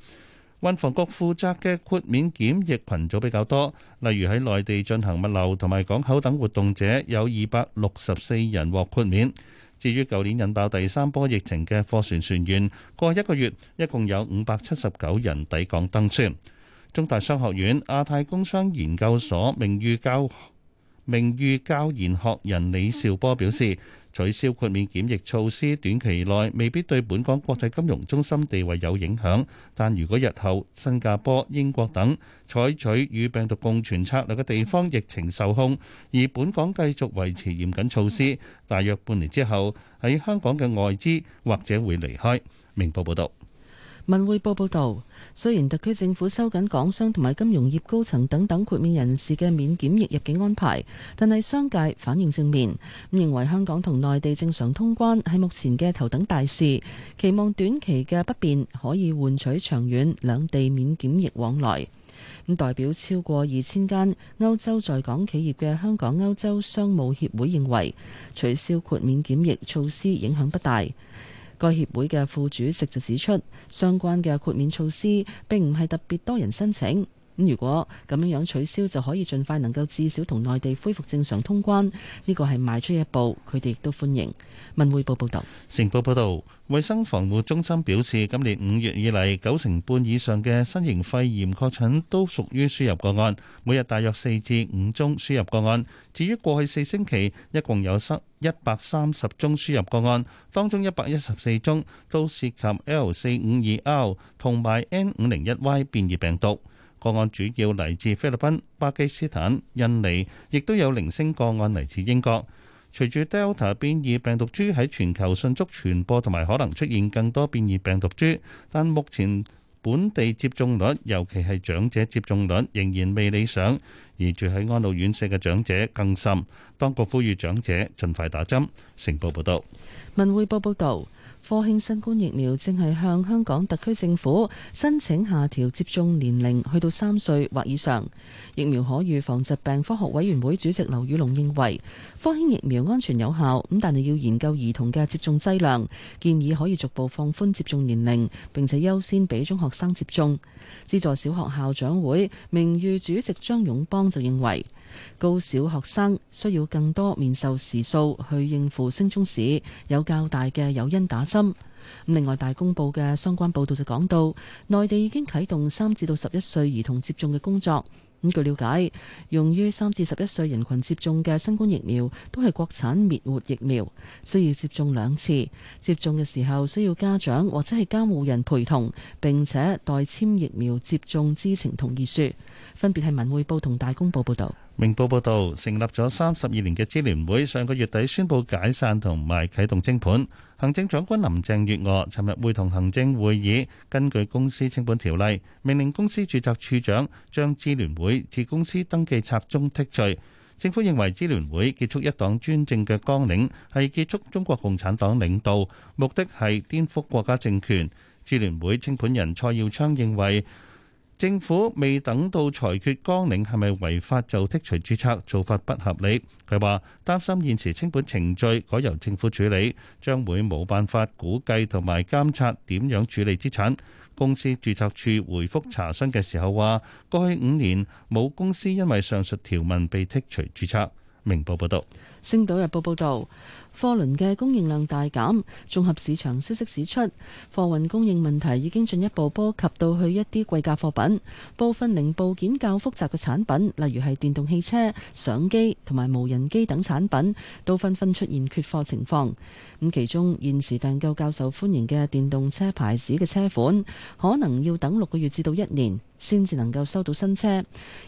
運防局負責嘅豁免檢疫群組比較多，例如喺內地進行物流同埋港口等活動者，有二百六十四人獲豁免。至於舊年引爆第三波疫情嘅貨船船員，過一個月一共有五百七十九人抵港登船。中大商學院亞太工商研究所名譽教名譽教研學人李兆波表示。取消豁免檢疫措施，短期內未必對本港國際金融中心地位有影響，但如果日後新加坡、英國等採取與病毒共存策略嘅地方疫情受控，而本港繼續維持嚴謹措施，大約半年之後喺香港嘅外資或者會離開。明報報道。文匯報報道，雖然特區政府收緊港商同埋金融業高層等等豁免人士嘅免檢疫入境安排，但係商界反應正面，認為香港同內地正常通關係目前嘅頭等大事，期望短期嘅不便可以換取長遠兩地免檢疫往來。咁代表超過二千間歐洲在港企業嘅香港歐洲商務協會認為，取消豁免檢疫措施影響不大。該協會嘅副主席就指出，相關嘅豁免措施並唔係特別多人申請，咁如果咁樣樣取消就可以盡快能夠至少同內地恢復正常通關，呢、這個係邁出一步，佢哋亦都歡迎。文匯報報道，成報報道，衛生防護中心表示，今年五月以嚟，九成半以上嘅新型肺炎確診都屬於輸入個案，每日大約四至五宗輸入個案。至於過去四星期，一共有失一百三十宗輸入個案，當中一百一十四宗都涉及 L 四五二 R 同埋 N 五零一 Y 變異病毒。個案主要嚟自菲律賓、巴基斯坦、印尼，亦都有零星個案嚟自英國。隨住 Delta 變異病毒株喺全球迅速傳播，同埋可能出現更多變異病毒株，但目前本地接種率，尤其係長者接種率，仍然未理想。而住喺安老院舍嘅長者更甚，當局呼籲長者盡快打針。成報報道。文匯報報導。科興新冠疫苗正係向香港特區政府申請下調接種年齡，去到三歲或以上。疫苗可預防疾病科學委員會主席劉宇龍認為，科興疫苗安全有效，咁但係要研究兒童嘅接種劑量，建議可以逐步放寬接種年齡，並且優先俾中學生接種。資助小學校長會名譽主席張勇邦就認為。高小學生需要更多面授時數去應付升中試，有較大嘅有因打針。另外大公報嘅相關報導就講到，內地已經啟動三至到十一歲兒童接種嘅工作。咁據了解，用於三至十一歲人群接種嘅新冠疫苗都係國產滅活疫苗，需要接種兩次。接種嘅時候需要家長或者係監護人陪同，並且代簽疫苗接種知情同意書。分別係文匯報同大公報報導。明報報導，成立咗三十二年嘅支聯會，上個月底宣佈解散同埋啟動清盤。行政長官林鄭月娥尋日會同行政會議，根據公司清盤條例，命令公司註冊處長將支聯會自公司登記冊中剔除。政府認為支聯會結束一黨專政嘅綱領係結束中國共產黨領導，目的係顛覆國家政權。支聯會清盤人蔡耀昌認為，政府未等到裁決綱領係咪違法就剔除註冊，做法不合理。佢話擔心現時清盤程序改由政府處理，將會冇辦法估計同埋監察點樣處理資產。公司註冊處回覆查詢嘅時候話，過去五年冇公司因為上述條文被剔除註冊。明報報導，《星島日報》報導。貨輪嘅供應量大減，綜合市場消息指出，貨運供應問題已經進一步波及到去一啲貴價貨品，部分零部件較複雜嘅產品，例如係電動汽車、相機同埋無人機等產品，都紛紛出現缺貨情況。咁其中現時訂購較受歡迎嘅電動車牌子嘅車款，可能要等六個月至到一年先至能夠收到新車。而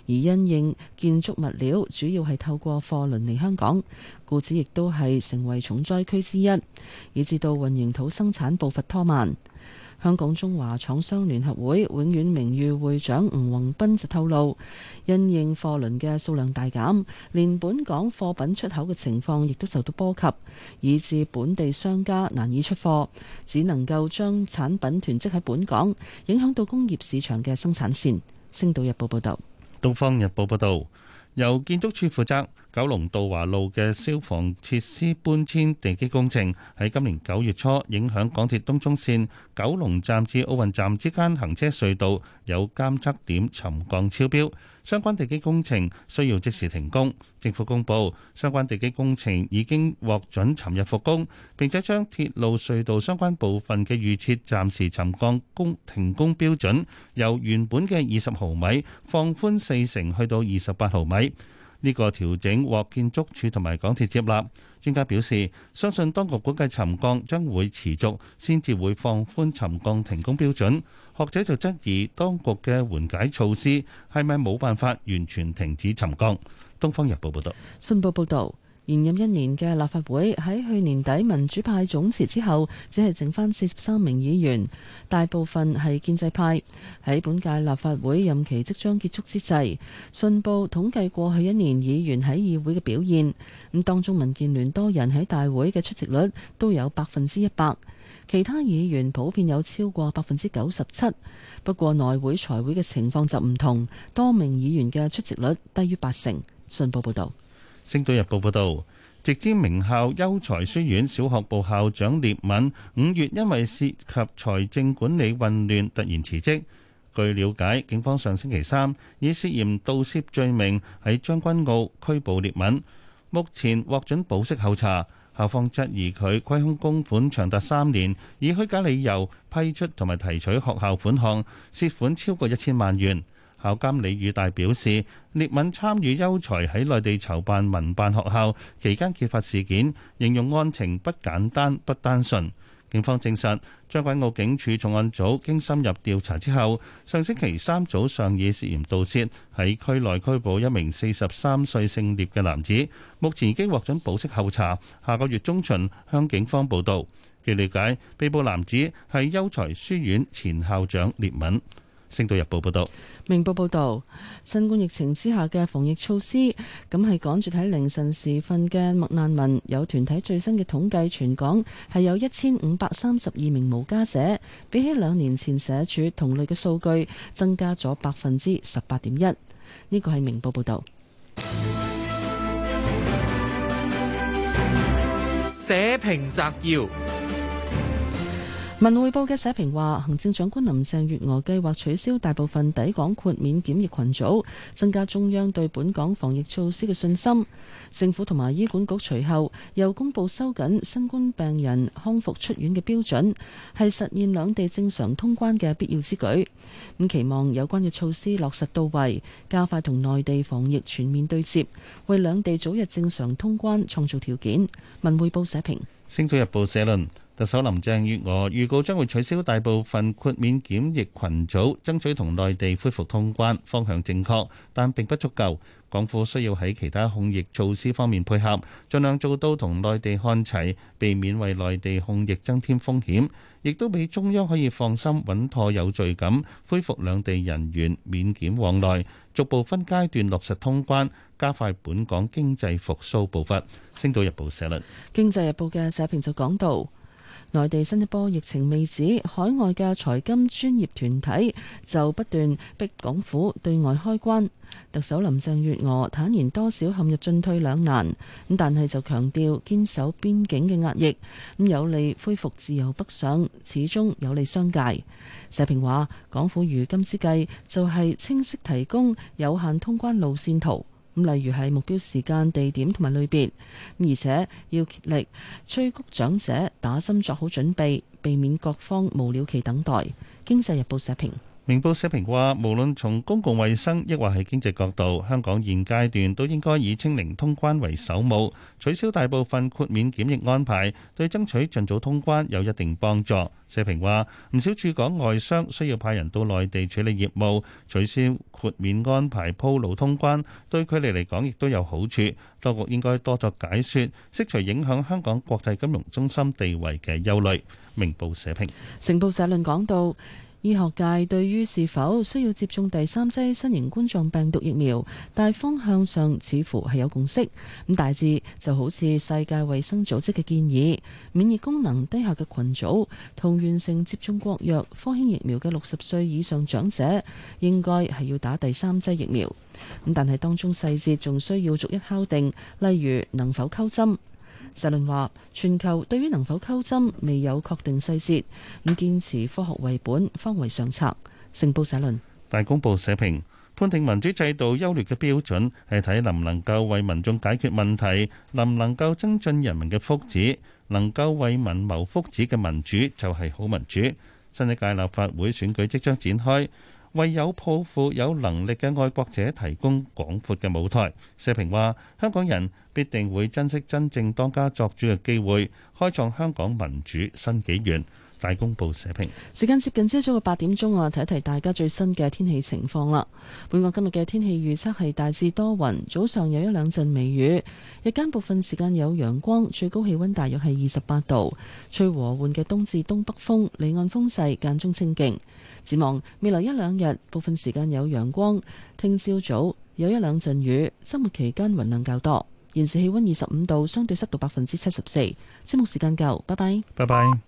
因應建築物料主要係透過貨輪嚟香港，故此亦都係成為。為重災區之一，以致到混凝土生產步伐拖慢。香港中華廠商聯合會永遠名譽會長吳宏斌就透露，因應貨輪嘅數量大減，連本港貨品出口嘅情況亦都受到波及，以致本地商家難以出貨，只能夠將產品囤積喺本港，影響到工業市場嘅生產線。星島日報報道，東方日報報道，由建築署負責。九龍渡華路嘅消防設施搬遷地基工程喺今年九月初影響港鐵東涌綫九龍站至奧運站之間行車隧道有監測點沉降超標，相關地基工程需要即時停工。政府公布相關地基工程已經獲准尋日復工，並且將鐵路隧道相關部分嘅預設暫時沉降工停工標準由原本嘅二十毫米放寬四成去到二十八毫米。呢個調整獲建築署同埋港鐵接納。專家表示，相信當局估計沉降將會持續，先至會放寬沉降停工標準。學者就質疑當局嘅緩解措施係咪冇辦法完全停止沉降。《東方日報》報道，信報報道。現任一年嘅立法會喺去年底民主派總辭之後，只係剩返四十三名議員，大部分係建制派。喺本屆立法會任期即將結束之際，信報統計過去一年議員喺議會嘅表現，咁當中民建聯多人喺大會嘅出席率都有百分之一百，其他議員普遍有超過百分之九十七。不過內會財會嘅情況就唔同，多名議員嘅出席率低於八成。信報報道。星島日報報道，直資名校優才書院小學部校長聶敏五月因為涉及財政管理混亂突然辭職。據了解，警方上星期三以涉嫌盜竊罪名喺將軍澳拘捕聶敏，目前獲准保釋候查。校方質疑佢虧空公款長達三年，以虛假理由批出同埋提取學校款項，涉款超過一千萬元。校監李宇大表示，聶敏參與優才喺內地籌辦民辦學校期間揭發事件，形容案情不簡單，不單純。警方證實，將軍澳警署重案組經深入調查之後，上星期三早上以涉嫌盜竊喺區內拘捕一名四十三歲姓聶嘅男子，目前已經獲准保釋候查，下個月中旬向警方報到。據了解，被捕男子係優才書院前校長聶敏。星島日報報道，明報報道，新冠疫情之下嘅防疫措施，咁係趕住喺凌晨時分嘅麥難民，有團體最新嘅統計，全港係有一千五百三十二名無家者，比起兩年前社署同類嘅數據，增加咗百分之十八點一。呢個係明報報道，社評摘要。文匯報嘅社評話，行政長官林鄭月娥計劃取消大部分抵港豁免檢疫羣組，增加中央對本港防疫措施嘅信心。政府同埋醫管局隨後又公布收緊新冠病人康復出院嘅標準，係實現兩地正常通關嘅必要之舉。咁期望有關嘅措施落實到位，加快同內地防疫全面對接，為兩地早日正常通關創造條件。文匯報社評，星島日報社論。特首林鄭月娥預告將會取消大部分豁免檢疫羣組，爭取同內地恢復通關，方向正確，但並不足夠。港府需要喺其他控疫措施方面配合，盡量做到同內地看齊，避免為內地控疫增添風險，亦都俾中央可以放心穩妥有序咁恢復兩地人員免檢往來，逐步分階段落實通關，加快本港經濟復甦步伐。星島日報社論，《經濟日報》嘅社評就講到。內地新一波疫情未止，海外嘅財金專業團體就不斷逼港府對外開關。特首林鄭月娥坦言，多少陷入進退兩難。咁但係就強調堅守邊境嘅壓抑，咁有利恢復自由北上，始終有利商界。社評話，港府如今之計就係清晰提供有限通關路線圖。咁例如係目標時間、地點同埋類別，而且要竭力催谷長者打針，作好準備，避免各方無了期等待。經濟日報社評。明報社評話，無論從公共衛生抑或係經濟角度，香港現階段都應該以清零通關為首務，取消大部分豁免檢疫安排，對爭取盡早通關有一定幫助。社評話，唔少駐港外商需要派人到內地處理業務，取消豁免安排鋪路通關，對佢哋嚟講亦都有好處。當局應該多作解説，釋除影響香港國際金融中心地位嘅憂慮。明報社評，成報社論講到。醫學界對於是否需要接種第三劑新型冠狀病毒疫苗，大方向上似乎係有共識。咁大致就好似世界衛生組織嘅建議，免疫功能低下嘅群組同完成接種國藥科興疫苗嘅六十歲以上長者，應該係要打第三劑疫苗。咁但係當中細節仲需要逐一敲定，例如能否溝針。社論話：全球對於能否溝針未有確定細節，咁堅持科學為本方為上策。成報社論。大公報社評判定民主制度優劣嘅標準係睇能唔能夠為民眾解決問題，能唔能夠增進人民嘅福祉，能夠為民謀福祉嘅民主就係好民主。新一屆立法會選舉即將展開。為有抱負、有能力嘅愛國者提供廣闊嘅舞台。社評話：香港人必定會珍惜真正當家作主嘅機會，開創香港民主新紀元。大公報社評。時間接近朝早嘅八點鐘啊，提一提大家最新嘅天氣情況啦。本港今日嘅天氣預測係大致多雲，早上有一兩陣微雨，日間部分時間有陽光，最高氣温大約係二十八度，吹和緩嘅東至東北風，離岸風勢間中清勁。展望未來一兩日，部分時間有陽光。聽朝早有一兩陣雨，周末期間雲量較多。現時氣溫二十五度，相對濕度百分之七十四。節目時間夠，拜拜。拜拜。